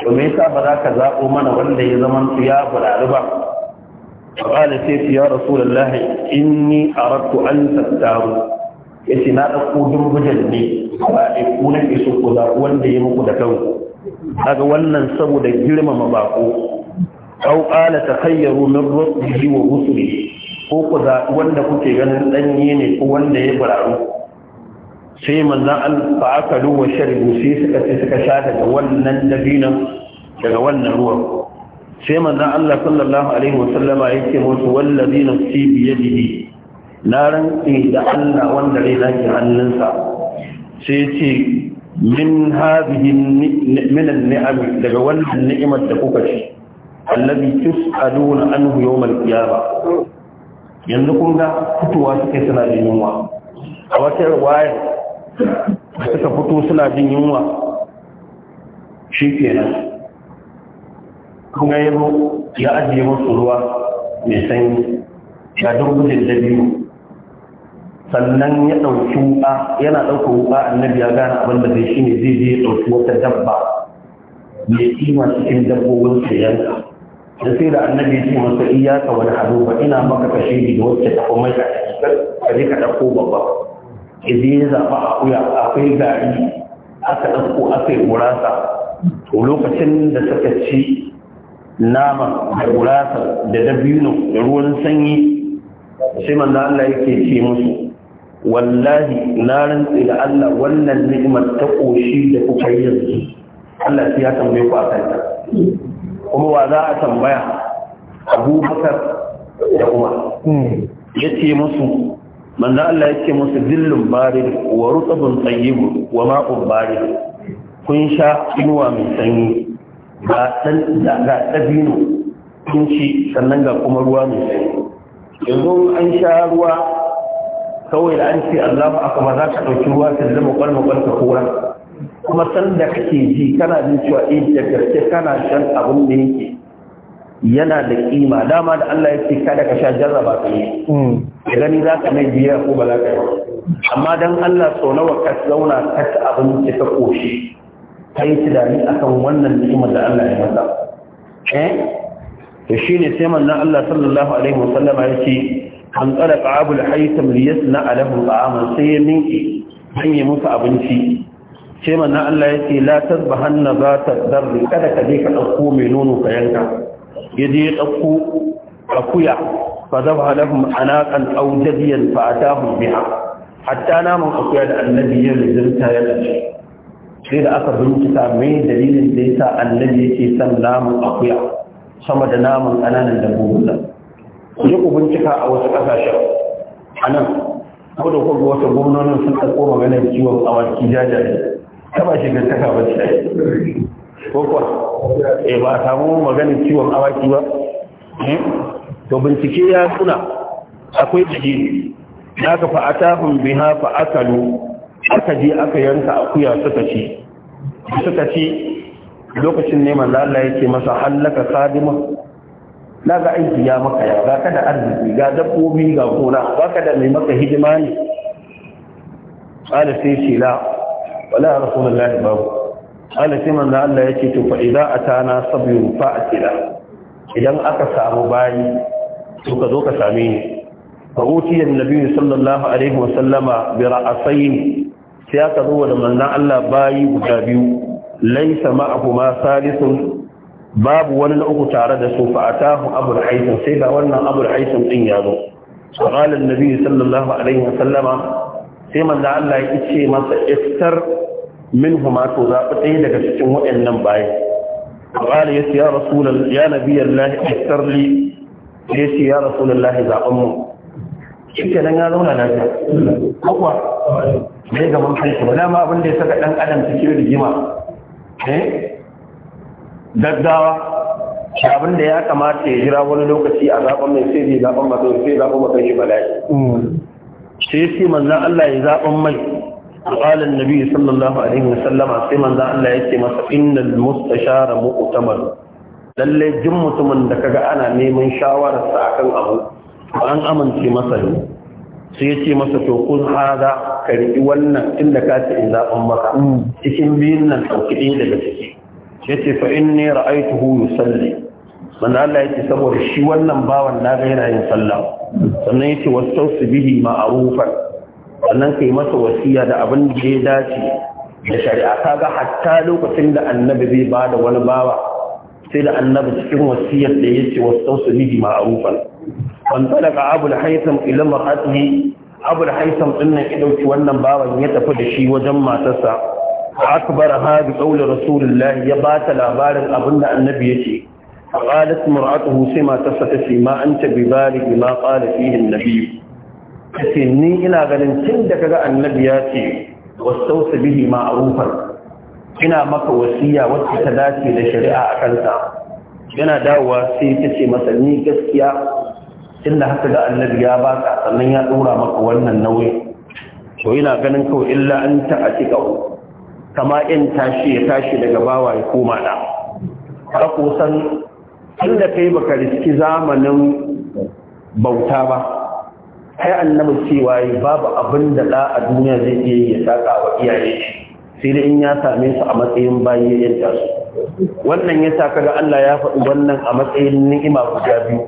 to me yasa ba za ka zabo mana wanda ya zama ya bulari ba فقال سيف يا رسول الله إني أردت أن تختاروا yace na ɗauko durbujal ne ba a ku na ke so ku zaɓi wanda ya muku da kanku kaga wannan saboda girmama bako aw qala takhayyaru min rabbihi wa ko wanda kuke ganin ɗanye ne ko ya sai manzan an fa'akalu wa sharibu sai suka ce suka sha daga wannan dabinan daga wannan ruwan sai manzon Allah sallallahu alaihi wasallama yake musu wallazi nafsi bi yadihi na rantsi da Allah wanda rai nake hannunsa sai ya ce min hadhihi min an-ni'am daga wannan ni'imar da kuka ci allazi tus'aluna anhu yawm al-qiyamah yanzu kun ga fitowa suke suna jin yunwa a wata riwaya suka fito suna jin yunwa shi kenan kuma ya zo ya ajiye masu ruwa mai sanyi ya dubbutin da biyu sannan ya ɗauki wuƙa yana ɗauka wuƙa annabi ya gane abin da zai shi ne zai je ya ɗauki wata dabba mai kima cikin dabbobin su yanka da sai da annabi ya ce masa iyaka wani hannu ba ina maka kashe da wacce ta kuma ya ka je ka ɗauko babba idan ya zaɓa a kuya akwai gari aka ɗauko aka yi murasa to lokacin da suka ci nama da gurasa da dabino da ruwan sanyi sai manzo Allah yake ce musu wallahi na rantsi da Allah wannan ni'imar ta koshi da kuka yi yanzu Allah sai ya tambaye ku akan ta kuma wa za a tambaya Abu Bakar da Umar yace musu manzo Allah yake musu dillun barid wa rutabun tayyib wa ma'un barid kun sha inuwa mai sanyi ga ɗan ga ɗabino sun sannan ga kuma ruwa mai sanyi yanzu an sha ruwa kawai da an ce Allahu akbar za ka ɗauki ruwa ta zama kwalmakwal ka kura kuma sanda kake ji kana jin cewa eh da gaske kana shan abin da yake yana da kima dama da Allah ya ce kada ka sha jarraba ka yi mm. ya gani za ka mai biya ko ba za ka yi amma don Allah sau nawa ka zauna ka ci abinci ka koshi ta yi tunani akan wannan ni'imar da Allah ya masa eh to shine sai manzon Allah sallallahu alaihi wasallam ya ce an tsara abul haytham liyasna alahu ta'aman sai ya minki dan yi musu abinci sai manzon Allah ya ce la hannu za ta darri kada ka je ka ɗauko mai nono ka yanka yaje ya dauko akuya fa zabaha lahum anaqan aw jadiyan fa atahum biha hatta namun akuya da annabi ya rizanta ya dace sai da aka bincika mai dalilin da yasa annabi yake son namun akuya sama da namun ƙananan dabbobin nan ku je ku bincika a wasu ƙasashen a nan ko da kuma wasu gwamnonin sun ɗauko maganar ciwon awaki jajaye ta ba shi shigantaka ba ce ko kuwa eh ba a samu maganin ciwon awaki ba hmm? to bincike ya suna akwai dalili na ka fa'ata hun biha fa'akalu aka je aka yanka akuya suka ci suka ci lokacin neman manzo Allah yake masa hallaka sadima na ga aiki ya maka ya ga kada arziki ga dabbobi ga gona ba ka da mai maka hidima ne qala sai shi la wala rasulullahi babu qala sai manzo Allah yake to fa idza atana sabiyun fa atila idan aka samu bayi to ka zo ka same ni fa utiya annabi sallallahu alaihi wa wasallama bi ra'asayn sai aka zo wa da manzan Allah bayi guda biyu laisa ma'ahuma salisun babu wani na uku tare da su fa'atahu abul haisin sai ga wannan abul haisin din ya zo qala annabi sallallahu alaihi wasallama sai manzan Allah ya ce masa iftar minhuma to zabi ɗaya daga cikin wayannan bayi qala yasi ya rasulullah ya nabiyallahi iftar li yasi ya rasulullah zaɓan mu shi kenan ya zauna lafiya Mai gaban kanshi ba dama abin da ya saka ɗan adam cikin rigima ne eh, gaggawa shi abinda da ya kamata ya jira wani lokaci a zaɓen mai sai zai zaɓen masa sai zaɓen masa shi bala'i sai sai manzan Allah ya zaɓen mai alƙalin nabi sallallahu alaihi wa sallama sai manzan Allah ya ce masa innal mustashara mu'tamar lalle jin mutumin da kaga ana neman shawararsa akan abu Ba an amince masa ne sai ya ce masa to kun hada ka wannan inda ka ce in zaɓan maka mm. cikin biyun nan ɗauki ɗaya daga ciki ya ce fa in ne ra'aituhu yusalli salli Allah ya ce saboda shi wannan bawan na ga yana yin sallah sannan ya ce wasu bihi ma'arufan sannan kai masa wasiya da abin da ya dace da shari'a kaga hatta lokacin da annabi zai ba da wani bawa sai da annabi cikin wasiyar da ya ce wasu bihi ma'arufan fantalaka abul haitham ila mar'atihi abul haitham din ya dauki wannan bawan ya tafi da shi wajen matarsa akbar ha bi qawli rasulullahi ya bata labarin abinda annabi yace qalat mar'atuhu sai matarsa ta ce ma anta bi balig ma qala fihi annabi kace ni ina ganin tun da kaga annabi ya ce wastausa bihi ma'rufan ina maka wasiya wacce ta dace da shari'a a kanta. yana dawowa sai ta ce masa ni gaskiya inda haka da annabi ya baka sannan ya dora maka wannan nauyi to ina ganin kawai illa an ta a cika kama in tashi ya tashi daga bawa ya koma da ka kusan tunda kai baka riski zamanin bauta ba kai annabi cewa babu abin da a duniya zai iya ya saka wa iyaye shi sai dai in ya same su a matsayin bayi ya yanta su wannan ya sa kaga Allah ya faɗi wannan a matsayin ni'ima guda biyu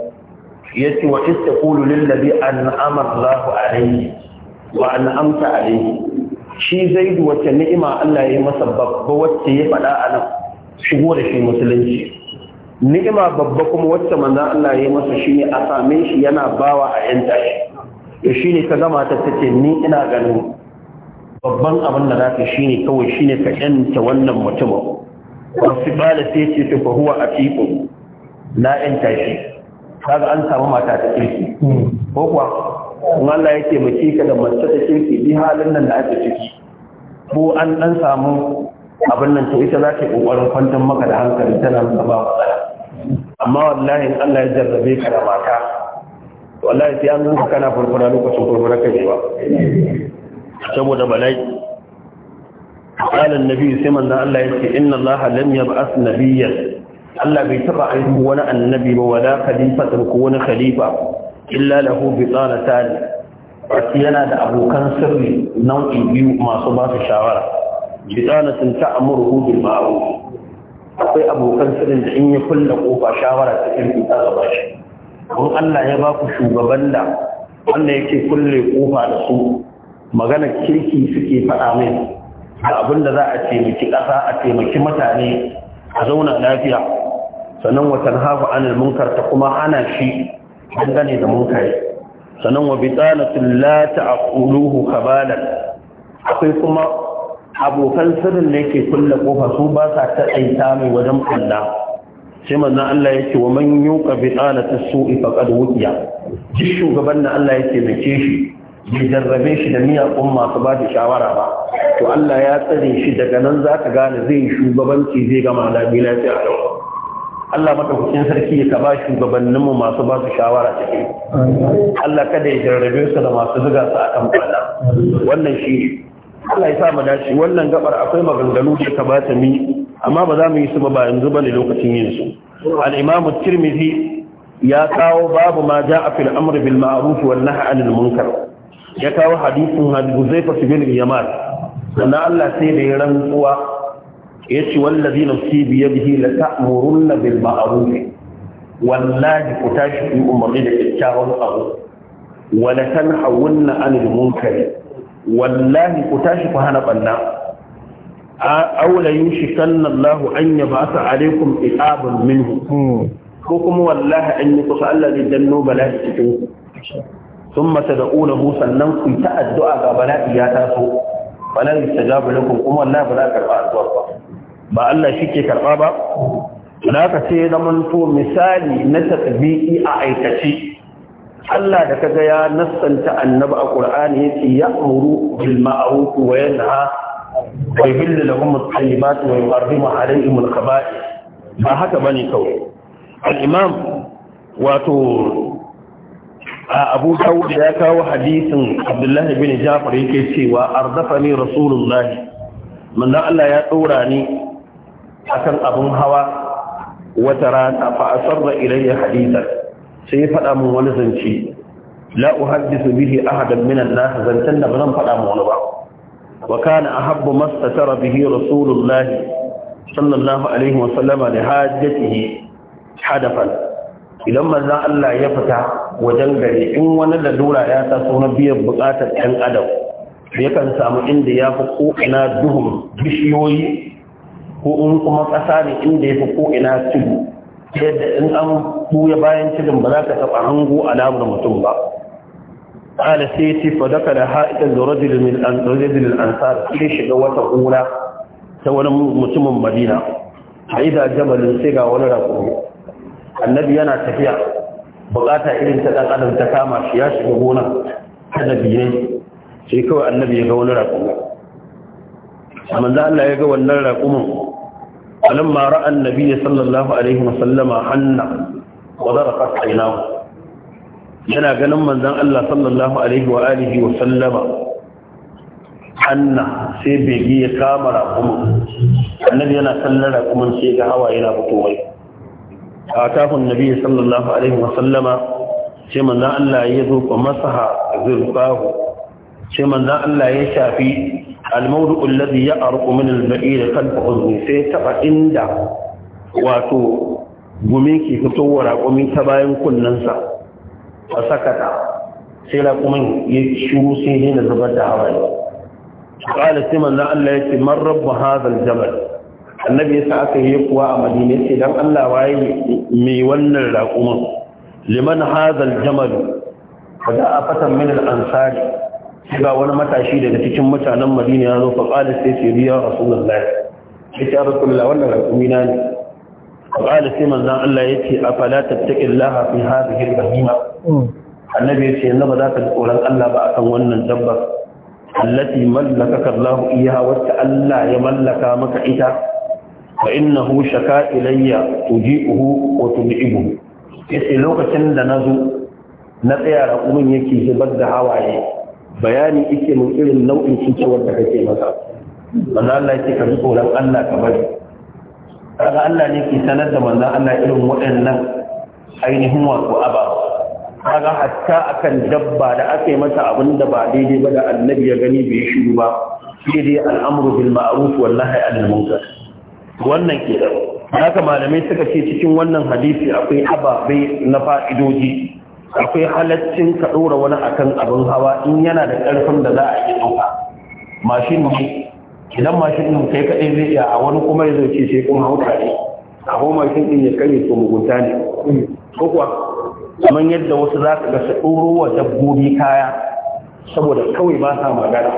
ya ce wa istaqulu lil ladhi zahu a rai wa a rai shi zai yi wacce ni'ima Allah ya yi masa babba wacce ya faɗa a nan shigo da shi musulunci ni'ima babba kuma wacce manza Allah ya yi masa shi ne a same shi yana bawa a yanta shi to ne ka gama ta ce ni ina ganin babban abin da za ka shi ne kawai shi ne ka yanta wannan mutumin wasu da sai ce ta fahuwa a fiƙo na yanta shi kaga an samu mata ta kirki ko kuwa in Allah ya mace ka da mace ta kirki bi halin nan da ake ciki ko an dan samu abin nan to ita za ta kokarin kwantar maka da hankali tana da ba matsala amma wallahi Allah ya jarrabe ka da mata wallahi sai an ganka kana furfura lokacin furfura kai ba saboda bala'i qalan nabi sai manzo Allah yake inna Allah lam yab'ath nabiyyan Allah bai taba aiko wani annabi ba wala khalifatan ko wani khalifa illa lahu bitanatan wasu yana da abokan sirri nau'in biyu masu ba su shawara bitanatun ta'muruhu bil ma'ruf akwai abokan sirrin da in ya kulla kofa shawara ta kirki ta gaba shi don Allah ya ba ku shugaban da wanda yake kulle kofa da su magana kirki suke faɗa mai da abin da za a taimaki ƙasa a taimaki mutane a zauna lafiya sannan watan hafa anil munkar ta kuma ana shi dangane da munkari sannan wa bitanatul a ta'quluhu kabalan akwai kuma abokan sirrin da yake kulle kofa su ba sa taɗaita mai wajen kulla sai manzon Allah yake wa man yuqa bitanatus su'i faqad wuqiya shi shugaban da Allah ya taimake shi bai jarrabe shi da miyaƙun masu ba da shawara ba to Allah ya tsare shi daga nan za ka gane zai yi shugabanci zai gama lami lafiya da Allah madaukakin sarki ya kaba shugabanninmu masu ba su shawara ciki Allah kada ya jarrabe su da masu zuga su a kan kwana wannan shi Allah ya sa mu dace wannan gabar akwai maganganu da ka ba ta mi amma ba za mu yi su ba ba yanzu bane lokacin yin su al-Imam Tirmidhi ya kawo babu ma ja'a fil amri bil ma'ruf wal nahy anil munkar ya kawo Zai Huzaifa bin Yamar. sannan Allah sai da ya rantsuwa ya ce wallazi nafsi bi yadihi la ta'murunna bil ma'ruf wallahi ku tashi ku umarni da kyakkyawan abu wa la tanhawunna 'anil munkari wallahi ku tashi ku hana banna aula yushikanna Allah an yab'atha alaykum iqaban minhu hmm. ko kuma wallahi an yi kusa Allah zai danno bala'i cikin ku. Sun ثم تدعونه سنن كي تأدعى قبلاء يا تاسو فلا يستجاب لكم أم الله فلا كرباء na ba za karɓa ba. Ba Allah shi ke karɓa ba na ka ce na manto misali na tasbi'i a aikace Allah da kaga ya nassanta annaba a ya Qur'ani yace ya'muru bil ma'ruf wa yanha wa yuhillu lahum at-tayyibat wa yuharrimu alayhim al-khaba'ith ba haka bane kawai al-imam wato a abu dawud ya kawo hadisin abdullahi bin jafar yake cewa ardafa ni rasulullahi manzon Allah ya tsora ni akan abun hawa wata rana fa asarra ilayya hadithan sai ya faɗa min wani zance la uhaddisu bihi ahadan min an-nas zantan da ban faɗa min wani ba wa kana ahabbu mastatara bihi rasulullahi sallallahu alaihi wa sallama li hajjatihi hadafan idan manzon Allah ya fita wajen gari in wani lalura ya taso na biyan bukatar ɗan adam yakan samu inda ya fi ina duhun bishiyoyi ko in kuma ƙasa ne inda ya fi ko'ina tudu yadda in an buya bayan tudun ba za ka taɓa hango alamar mutum ba ala sai ce fadaka da ha'ikan da rajulun ansar sai shiga wata hura ta wani mutumin madina a idan jamalin sai ga wani rakumi annabi yana tafiya bukata irin ta dan ta kama shi ya shiga gona ta dabinai sai kawai annabi ya ga wani raƙuma manzo Allah ya ga wannan raƙuman alamma mara annabi sallallahu alaihi wasallama hanna wa zarqat aynahu yana ganin manzan Allah sallallahu alaihi wa alihi wa sallama hanna sai bege ya kama raƙuman annabi yana sallar raƙuman sai ga hawa yana fitowa a tafin nabi sallallahu alaihi wasallama ce manzan Allah ya zo ko masaha zirfahu ce manzan Allah ya shafi almaudu ya ya'rqu min al-ba'ir qalb uzni sai taba inda wato gumi ke fitowa raƙumi ta bayan kunnensa a sakata sai raƙumin ya shuru sai ne na zubar da hawaye قال سيما الله يتي من رب هذا الجبل annabi ya sa aka yi kuwa a madina ce don allah waye mai wannan raƙuman liman hazal ba fada a fatan min al'ansari sai ga wani matashi daga cikin mutanen madina ya zo faƙalis sai sai biya Allah ya ce rasulullah wannan raƙumina ne قال سيما ذا الله ya أفلا تتك الله في هذه البهيمة النبي يتي إنما ذات القرآن الله بأسا وانا الدبر التي wacce Allah ya mallaka maka ita. fa innahu shaka ilayya tuji'uhu wa tud'ibuhu yace lokacin da nazo na tsaya raƙumin yake zubar da hawaye bayani yake mun irin nau'in cutar da kake masa manzo Allah yake ka ji Allah ka bari Allah ne ke sanar da manzo Allah irin waɗannan ainihin wato aba kaga hatta akan dabba da aka yi mata abin da ba daidai ba da annabi ya gani bai shiru ba sai dai bil ma'ruf wallahi anil wannan ke da haka malamai suka ce cikin wannan hadisi akwai ababai na fa'idoji akwai halaccin ka ɗora wani akan abin hawa in yana da ƙarfin da za a yi ɗauka mashin ne idan mashin ɗin kai kaɗai zai iya a wani kuma ya zo ce sai kun hau tare a kuma mashin ɗin ya kare ko mugunta ne ko kuwa kamar yadda wasu za ka ga su ɗoro wa dabbobi kaya saboda kawai ba sa magana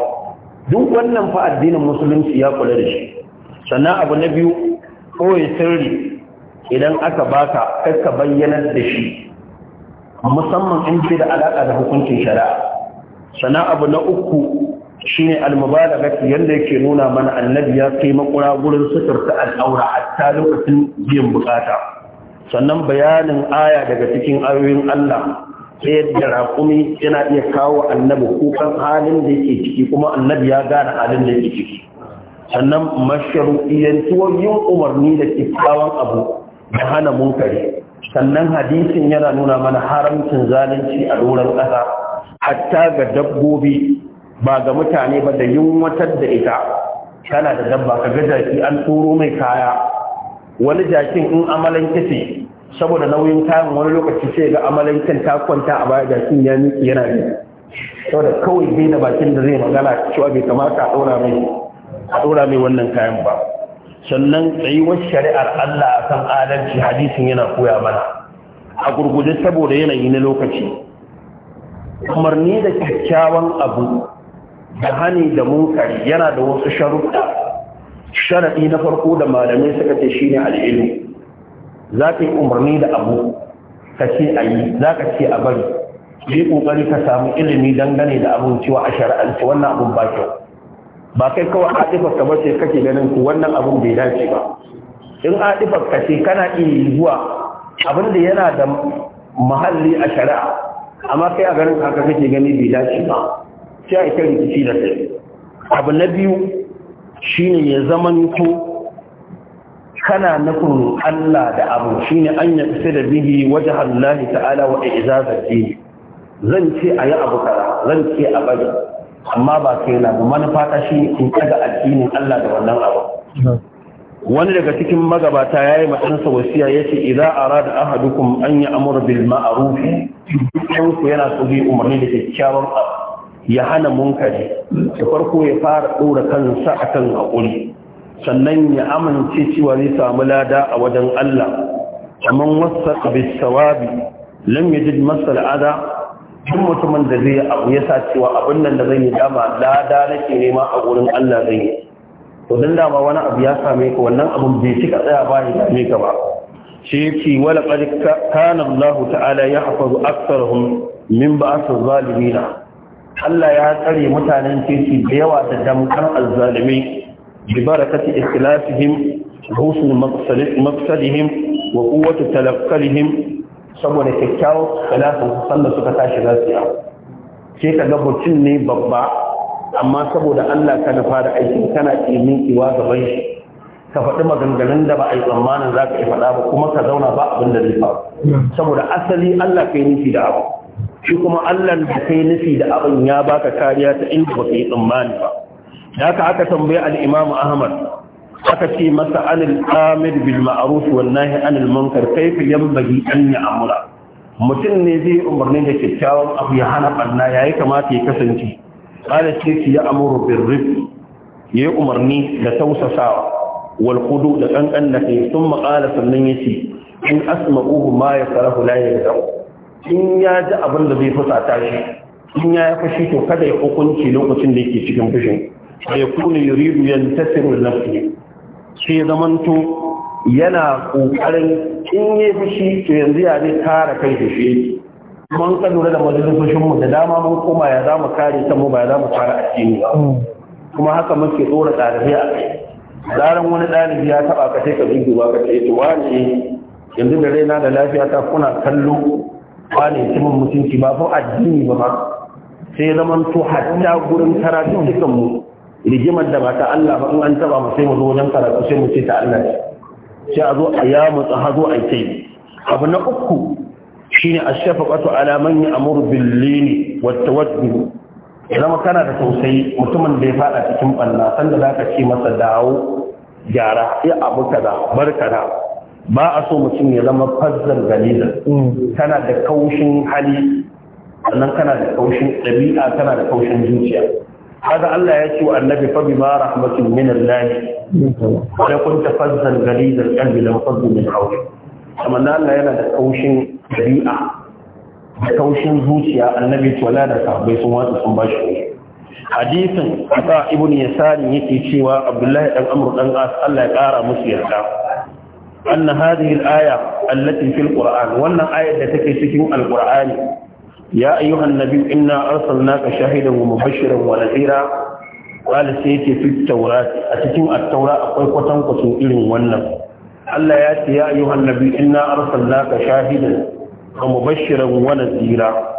duk wannan fa addinin musulunci ya kula da shi sannan abu na biyu koyi sirri idan aka baka karka bayyanar da shi musamman in ce da alaƙa da hukuncin shari'a sannan abu na uku shine almubalaga yanda yake nuna mana annabi ya kai makura gurin suturta al'aura hatta lokacin biyan bukata sannan bayanin aya daga cikin ayoyin Allah ta yadda raƙumi yana iya kawo annabi kukan halin da yake ciki kuma annabi ya gane halin da yake ciki sannan tuwo yin umarni da kyakkyawan abu da hana munkari sannan hadisin yana nuna mana haramcin zalunci a doron ƙasa hatta ga dabbobi ba ga mutane ba da yunwatar da ita kana da dabba ka ga jaki an turo mai kaya wani jakin in amalan kitse saboda nauyin kayan wani lokaci sai ga amalan kan ta kwanta a baya jakin ya miki yana ne saboda kawai bai da bakin da zai magana cewa bai kamata a ɗora mai a ɗora mai wannan kayan ba sannan tsayuwar shari'ar Allah a kan adalci hadisin yana koya mana a gurguje saboda yanayi na lokaci umarni da kyakkyawan abu da hani da munkari yana da wasu sharuɗa sharaɗi na farko da malamai suka ce shi ne al'ilu za ka yi umarni da abu ka ce a yi za ka ce a bari yi ƙoƙari ka samu ilimi dangane da abin cewa a shariarci wannan abun ba kyau ba kai kawai atifar ka bace kake ganin ku wannan abun bai dace ba in atifar ka ce kana iya zuwa abin da yana da mahalli a shari'a amma kai a ganin haka kake gani bai dace ba sai a ita rikici da kai abu na biyu shine ya ku? kana nufin Allah da abu shine an ya fi da bihi wajen Allah ta'ala wa izazar dini zan ce a yi abu kaza zan ce a bari amma ba kai na ba manufa ta shi in ɗaga addinin Allah da wannan abu wani daga cikin magabata yayi madansa wasiya yace idza arada ahadukum an ya'muru bil ma'arufi yan ku yana so bi umarni da kyakkyawan abu ya hana munkari da farko ya fara ɗora kansa akan haƙuri. sannan ya amince cewa zai samu lada a wajen Allah kaman wasa bis lam yajid masal ada duk mutumin da zai abu ya sa cewa abin nan da zan yi dama lada nake nema a wurin Allah zan yi to dan dama wani abu ya same ka wannan abun bai cika tsaya ba ya same ka ba shi yake wala qad kana Allah ta'ala yahfazu aktharuhum min ba'ath az-zalimin Allah ya tsare mutanen titi da yawa da damkar azzalimai bi barakati ikhlasihim husn maqsadihim wa quwwati talaqqalihim saboda kyakkyawar salafin sallar suka tashi za su yawo Ke ka ga mutum ne babba amma saboda Allah ka nufa da aikin kana ƙimin iwa gaban shi ka faɗi maganganun da ba a yi tsammanin za ka yi faɗa ba kuma ka zauna ba abin da zai faru saboda asali Allah ka yi nufi da abu shi kuma Allah da ka yi nufi da abin ya baka kariya ta inda ba ka yi tsammani ba da haka aka tambayi al'imamu Ahmad aka ce masa anil amir bil ma'aruf wan nahi anil munkar kaifa yambagi an ya'mura mutum ne zai umarni da kyakkyawan abu ya hana barna yayi kamata ya kasance qala shi ya amuru bir rifq yayi umarni da tausasawa wal qudu da kankan da kai thumma qala sannan yace in asma'uhu ma yakrahu la yadau in ya ji abin da zai ta shi in ya fashi to kada ya hukunci lokacin da yake cikin fushin fa yakunu yuridu yantasiru nafsihi sai zamanto yana ƙoƙarin in yi fushi to yanzu ya zai tara kai da shi mun ka lura da majalisoshin mu da dama mun koma ya za mu kare ta mu ba ya za mu fara addini ba mm. kuma haka muke ɗora ɗalibai a kai zaran wani ɗalibi ya taɓa ka sai ka duba ka ce to wani yanzu da raina da lafiya ta kuna kallo wani kuma mutunci ba fa addini ba sai zaman to hatta gurin karatu dukan mu rigimar da ba ta Allah ba in an taba mu sai mu zo wajen karatu sai mu ce ta Allah sai a zo a ya mu tsaha zo a kai abu na uku shine ashafaqatu ala man ya'muru bil lini wat tawaddu idan kana da tausayi mutumin da ya fada cikin banna sanda zaka ce masa dawo gyara ya abu kaza bar kaza ba a so mutum ya zama fazzan galilan mm. kana da kaushin hali sannan kana da kaushin ɗabi'a kana da kaushin zuciya هذا الله يسوى النبي فبما رحمة من الله ولو كنت فزا غليظ القلب لانفضوا من حولك كما ان الله yana da kaushin dabi'a da kaushin zuciya annabi wala da sahabbai sun watsa sun bashi ne hadisin ata ibn yasari yake cewa abdullahi dan amr dan as Allah ya kara musu yarda anna hadhihi al-aya allati fil qur'an wannan ayar da take cikin al-qur'ani يا أيها النبي إنا أرسلناك شاهدا ومبشرا ونذيرا قال سيتي في التوراة أتتم التوراة أقوي قطن قطن إلن ونم الله ياتي يا أيها النبي إنا أرسلناك شاهدا ومبشرا ونذيرا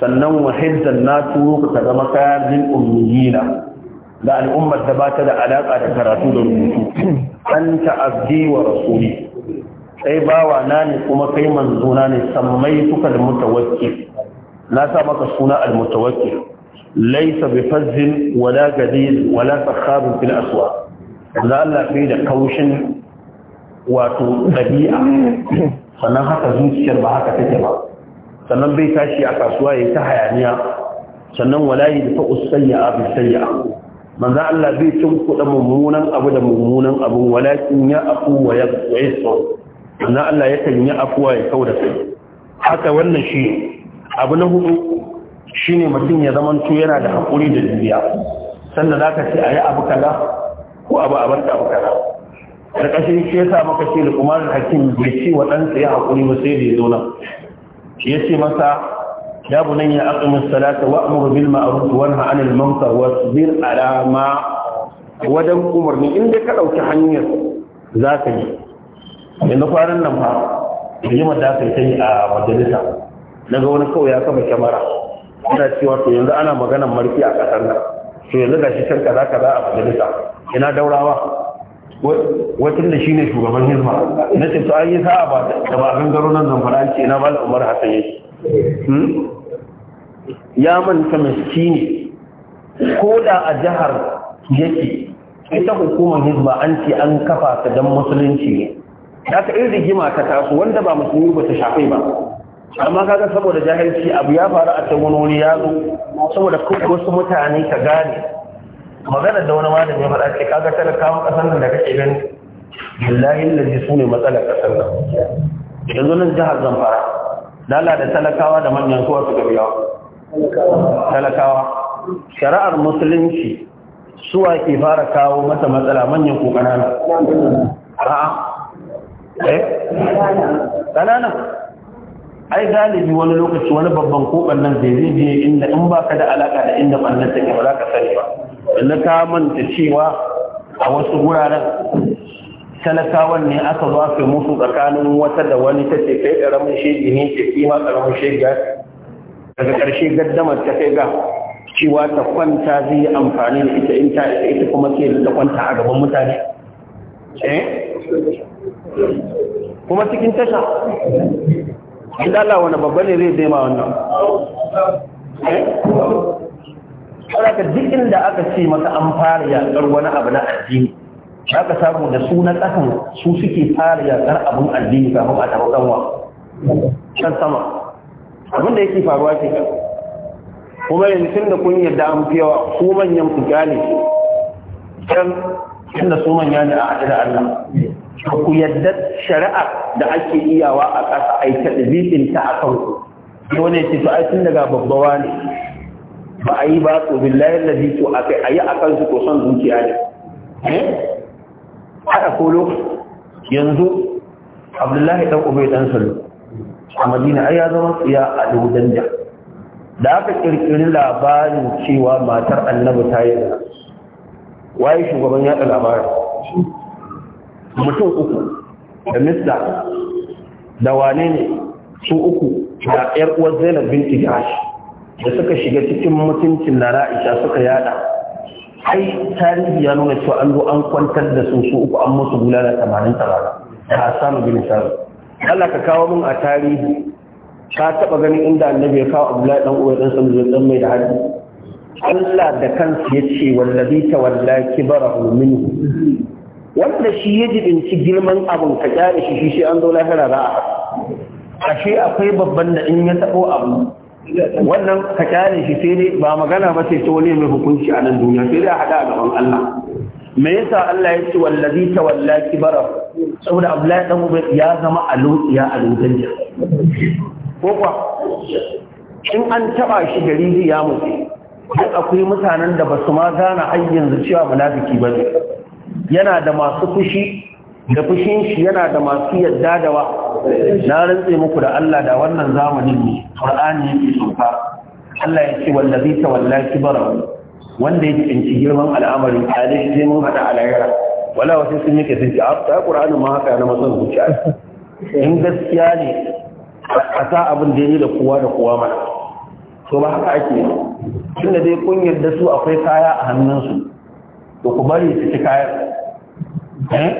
sannan da na turo ka zama kayan ummiyina da al'ummar da ba ta da alaƙa da karatu da rubutu an ta'abdi wa rasuli sai bawa na ne kuma kai manzona ne sammai suka da mutawakki na sa maka suna al-mutawakkil laysa bi fazzin wala gadid wala sakhab fil aswa da Allah bai da kaushin wato dabi'a sannan haka zuciyar ba haka take ba sannan bai tashi a kasuwa yayin ta hayaniya sannan wala yadfa usayya bi sayya manzo Allah bai tunkuɗa mummunan abu da mummunan abu walakin ya afu wa ya tsaye manzo Allah yakan yi afuwa ya kauda kai haka wannan shi abu na hudu shi ne mutum ya zama yana da haƙuri da duniya sannan za ka ce a yi abu kaza ko abu abar da abu kaza da ƙashin shi ya sa maka shi da kuma hakim bai ce wa ɗansa ya haƙuri ba sai da ya zo nan ya ce masa ya nan ya aƙi salata wa amur bil ma'ruf wa nahi anil munkar wa sabir ala ma wadan umarni inda ka ɗauki hanyar za ka yi yanzu kwanan nan fa yi mata kai kai a majalisa na ga wani kawai ya kama kyamara ina cewa to yanzu ana maganan marki a ƙasar nan to yanzu ga shi za kaza kaza a majalisa ina daurawa wacin da shi ne shugaban hizma na ce to an yi sa'a ba da ba abin garo nan zamfara an ce ina ba umar hasan yake hmm? ya manta miskini ko da a jihar yake ita hukumar hizma an ce an kafa ta don musulunci ne da ta irin rigima ta taso wanda ba musulmi ba ta shafai ba amma kaga saboda jahilci abu ya faru a can wani wuri ya zo saboda wasu mutane ka gane magana da wani malami ya faɗa ce kaga talakawan ƙasar nan da kake gani billahi lalli su ne matsalar ƙasar nan yanzu nan jihar zamfara dala da talakawa da manyan kowa su gabiya talakawa shari'ar musulunci suwa ke fara kawo mata matsala manyan ko ƙanana a'a eh ƙanana ai galibi wani lokaci wani babban ko nan zai zai je inda in ba ka da alaka da inda ɓannan take ba za ka sani ba inda ka manta cewa a wasu wuraren talakawan ne aka zo aka musu tsakanin wata da wani ta ce kai ƙaramin shegi ne ke kima ƙaramin shegi daga karshe gaddamar ta kai ga cewa ta kwanta zai yi amfani da ita in ta ita kuma ke da kwanta a gaban mutane eh kuma cikin tasha inda Allah wani babba ne zai zema wannan eh? ka duk inda aka ce masa an fara yaƙar wani abu na addini ba ka samu da su na ƙasan su suke fara yaƙar abin addini kafin a taɓa ɗanwa can sama abin da yake faruwa ke kan kuma yanzu da kun yarda an fi yawa ko manyan ku gane can tunda su manya ne a haɗe da Allah ba ku yadda shari'a da ake iyawa a ƙasa a yi taɗabiɗin ta a kan ku wani ne ce to ai tun daga babbawa ne ba a yi ba to layar da biyu a kai a yi a kansu ko son zuciya ne eh? haɗa kolo yanzu abdullahi ɗan ubai ɗan salo a madina ai ya zama tsiya a dubu danja da aka ƙirƙiri labarin cewa matar annabi ta yi waye shugaban yada labarin mutum uku da mista da wane ne su uku da yar uwar zainab binti gashi da suka shiga cikin mutuncin na ra'isha suka yada ai tarihi ya nuna cewa an zo an kwantar da su su uku an musu da tamanin tsarara da hassan bin sabu Allah ka kawo min a tarihi ka taba ganin inda annabi ya kawo abdullahi dan uwa dan sabu zai dan mai da hadisi Allah da kansa ya ce wallazi ta walla kibarahu minhu wanda shi ya jibinci girman abun ka kyare shi shi shi an zo lahira za a ashe akwai babban da in ya tabo abu wannan ka kyare shi sai dai ba magana ba sai to ne mai hukunci a nan duniya sai dai a hada a gaban Allah me yasa Allah ya ce wallazi ta walla kibarahu saboda Abdullahi dan Ubay ya zama alutsiya aludan ko kwa in an taba shi gari ya mutu duk akwai mutanen da ba su ma gane ai cewa munafiki ba ne yana da masu fushi da fushin shi yana da masu yadda da wa na rantse muku da Allah da wannan zamanin ne Qur'ani yake sauka Allah ya ce wallazi tawalla kibarahu wanda ya tsinci girman al'amarin kale sai mun hada alayra wala wasu sun yake tsinci a ah, ta Qur'ani ma haka na masan zuciya in gaskiya ne a sa abin da ne da kowa da kowa mana to ba haka ake tunda dai kun yarda su akwai kaya a hannunsu to ku bari su ci kaya eh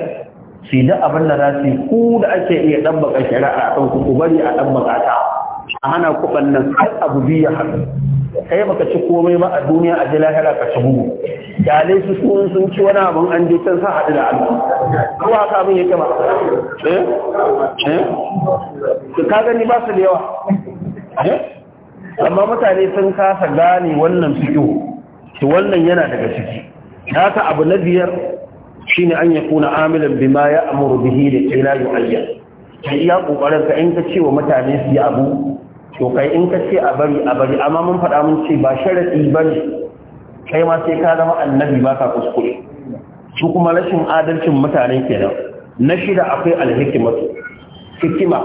su da abin da za su yi ku da ake iya ɗabbaka shari'a a ɗauku ku bari a ɗabbaka ta a hana ku nan, har abu biyu hannu kai baka ci komai ba a duniya a ji lahira ka ci bugu dalai su sun sun ci wani abin an je can sa haɗu da Allah ko ka abin yake ba eh eh ka gani ba su da yawa eh amma mutane sun kasa gane wannan fito, to wannan yana daga ciki haka abu na biyar shine an yakuna amilan bima ya amuru bihi da ila yu'ayyan kai iya kokarin ka in ka ce mutane su yi abu to kai in ka ce a bari a bari amma mun faɗa mun ce ba sharadi bane kai ma sai ka zama annabi ba ka kuskure su kuma rashin adalcin mutane kenan na shida akwai alhikimatu hikima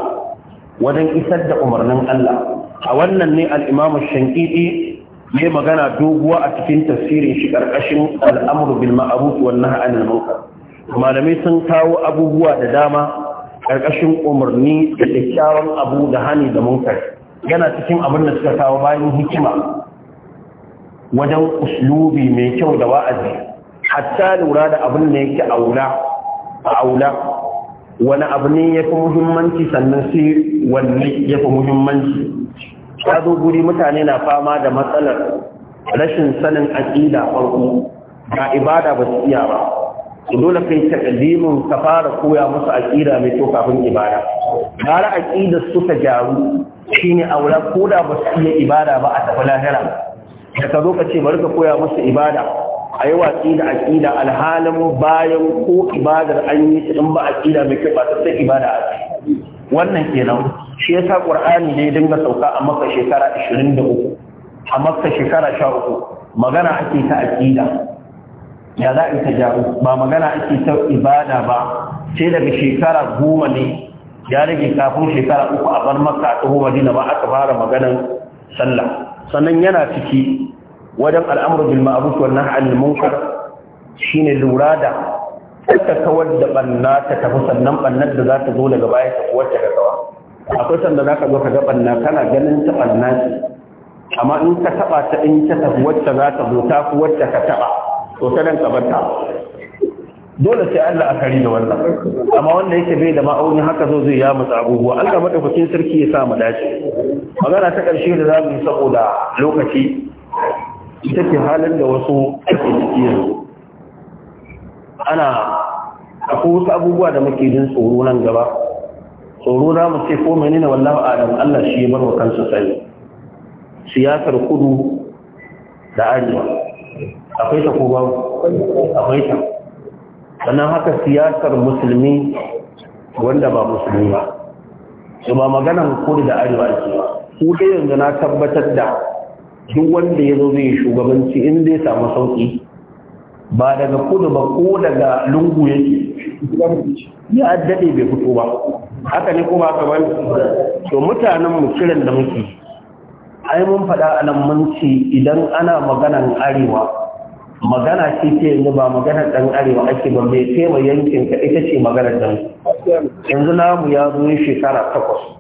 wajen isar da umarnin Allah a wannan ne al'imamu shankidi ne magana doguwa a cikin tafsirin shi ƙarƙashin al'amuru bil ma'aruf wa nahy anil munkar malamai sun kawo abubuwa da dama ƙarƙashin umarni da kyakkyawan abu da hani da munkar yana cikin abin da suka kawo bayan hikima wajen uslubi mai kyau da wa'azi hatta lura da abin da yake aula a aula wani abu ne ya fi muhimmanci sannan sai wanne ya fi muhimmanci ya zo guri mutane na fama da matsalar rashin sanin aƙida farko ga ibada ba su iya ba dole kai takalimin ka fara koya musu aƙida mai kyau kafin ibada gara aƙidar suka jaru ne aura ko da ba su iya ibada ba a tafi lahira da ka zo ka ce bari ka koya musu ibada a yi watsi da aƙida alhalin bayan ko ibadar an yi in ba aƙida mai kyau ba ta sai ibada a wannan kenan shi yasa qur'ani ne dinga sauka a makka shekara 23 a makka shekara 13 magana ake ta aƙida ya za a yi ta jaru ba magana ake ta ibada ba sai daga shekara goma ne ya rage kafin shekara uku a bar makka a tsohon madina ba aka fara maganar sallah sannan yana ciki wajen al'amuru bil na wa shi ne lura da ta kawar da banna ta tafi sannan bannar da za ta zo daga baya ta kuwar ta gawa akwai sanda za ka zo ka ga banna kana ganin ta banna ce amma in ka taba ta in ta tafi wacce za ta zo ta fi wacce ka taba to ta dan ka barta dole sai Allah a kari da wannan amma wanda yake bai da ma'auni haka zo zai ya mutu abubuwa Allah madaukakin sarki ya sa mu dace magana ta ƙarshe da zamu yi saboda lokaci ita ce halin da wasu ake ciki yanzu ana akwai wasu abubuwa da muke jin tsoro nan gaba tsoro na mu ce ko mene ne wallahu adam Allah shi ya barwa kansu sani siyasar kudu da arewa akwai ta ko babu akwai ta sannan haka siyasar musulmi wanda ba musulmi ba su ba maganan kudu da arewa ke ba ku dai yanzu na tabbatar da duk wanda ya zo zai shugabanci in zai samu sauƙi ba daga kudu ba ko daga lungu yake ya daɗe bai fito ba haka ne kuma haka bani to mutanen mu kiran da muke ai mun faɗa anan mun ce idan ana maganan arewa magana ce ce yanzu ba magana ɗan arewa ake ba mai tema yankin ka ita ce magana ɗan yanzu namu ya zo shekara takwas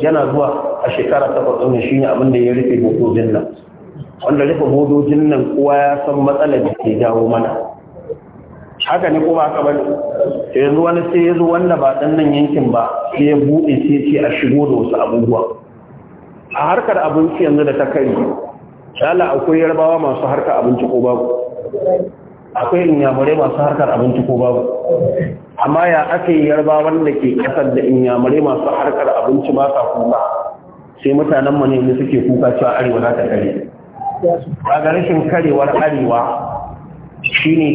yana zuwa a shekara ta ɗin shi ne abin da ya rufe bodojin nan wanda rufe bodojin nan kowa ya san matsalar da ke jawo mana haka ne kuma aka bane sai yanzu wani sai ya zo wanda ba ɗan nan yankin ba sai ya buɗe sai ce a shigo da wasu abubuwa a harkar abinci yanzu da ta kai shala akwai yarbawa masu harkar abinci ko babu akwai inyamurai masu harkar abinci ko babu amma ya aka yi yarba wanda ke kasar da inyamurai masu harkar abinci ba sa kuka sai mutanen mane ne suke kuka cewa arewa za ta kare ga rashin karewar arewa shi ne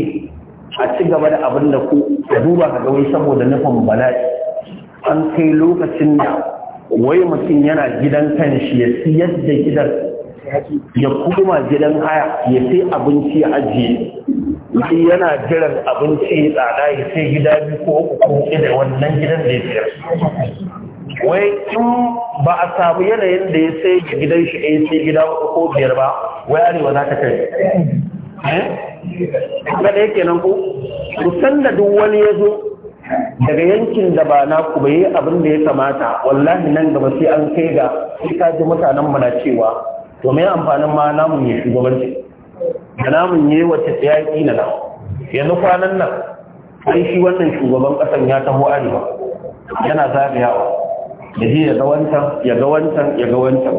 a ci gaba da abin da ku duba ka gawai saboda nufin bala'i an kai lokacin da wai mutum yana gidan kan shi ya siyar da gidan ya kuma gidan haya ya sai abinci ya ajiye shi yana jiran abinci ya tsada ya sai gida biyu ko uku ko da wannan gidan da ya siyar wai in ba a samu yanayin da ya sai gidan shi ya sai gida uku ko biyar ba wai arewa za ta kai ga eh? yake nan ko kusan da duk wani ya zo daga yankin da ba na ku bai abin da ya kamata wallahi nan gaba sai an kai ga sai ka ji mutanen mana cewa to mai amfanin ma namun ya shugabanci da namun yi wacce ta yaƙi na nan yanzu kwanan nan ai shi wannan shugaban ƙasan ya taho arewa yana zagayawa ya shi ya ga wancan ya ga wancan ya ga wancan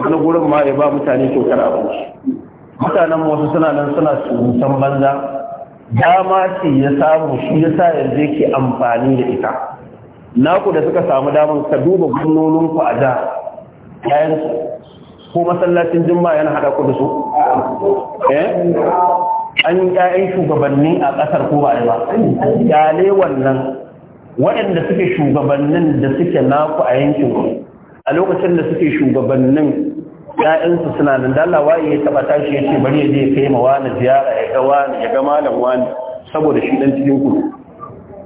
wani gurin ma ya ba mutane kyautar abinci mutanen wasu suna nan suna surutan banza dama ce ya samu shi ya sa yanzu yake amfani da ita naku da suka samu damar ka duba ku a da yayansu ko masallacin jumma yana hada ku da su eh an ƴaƴan shugabanni a ƙasar ko ba ba kyale wannan waɗanda suke shugabannin da suke naku a yankin a lokacin da suke shugabannin ƴaƴansu suna nan Allah waye ya taba tashi ya ce bari ya je kai ma wani ziyara ya ga wani ya ga malam wani saboda shi dan cikin kudu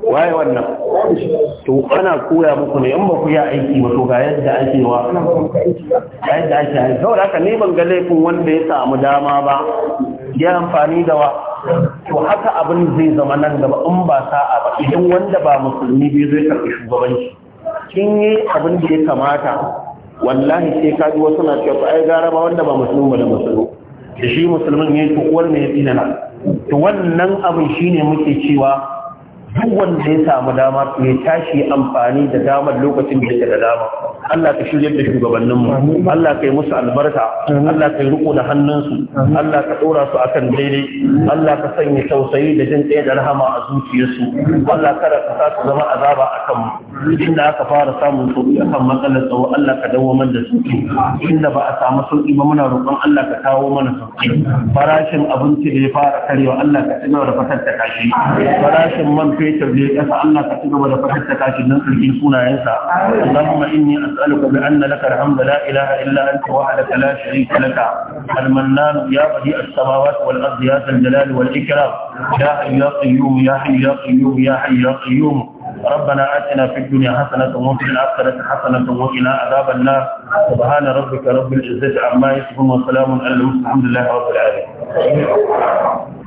waye wannan to ana koya muku ne in ba ku ya aiki ba to ga yadda ake wa ga yadda ake aiki saboda haka ne ban ga laifin wanda ya samu dama ba ya amfani da wa to haka abin zai zama nan gaba in ba sa'a ba idan wanda ba musulmi bai zai karɓi shugabanci kin yi abin da ya kamata wallahi sai ka ji wasu na cewa ai gara ba wanda ba musulmi ba da musulmi da shi musulmin ya yi tukuwar ne ya tsinana to wannan abin shine muke cewa duk wanda ya samu dama ya tashi amfani da damar lokacin da yake da dama Allah ka shirya da shugabanninmu Allah ka yi musu albarka Allah ka yi riko da hannunsu Allah ka dora su akan daidai Allah ka sanya tausayi da jin tsaye da rahama a zuciyarsu Allah kada ka sa zama azaba a kanmu inda aka fara samun sauki akan matsalar tsawo Allah ka dawwamar da su inda ba a samu sauki ba muna roƙon Allah ka kawo mana sauki farashin abinci da ya fara karewa Allah ka tsinar da fatar ta kashi farashin man اللهم إني أسألك بأن لك الحمد لا إله إلا أنت وحدك لا شريك لك المنان يا بديع السماوات والأرض يا الجلال والإكرام يا حي يا قيوم يا حي يا قيوم يا حي يا قيوم ربنا اتنا في الدنيا حسنه وفي الاخره حسنه وقنا عذاب النار سبحان ربك رب العزه عما يصفون وسلام على المرسلين الحمد لله رب العالمين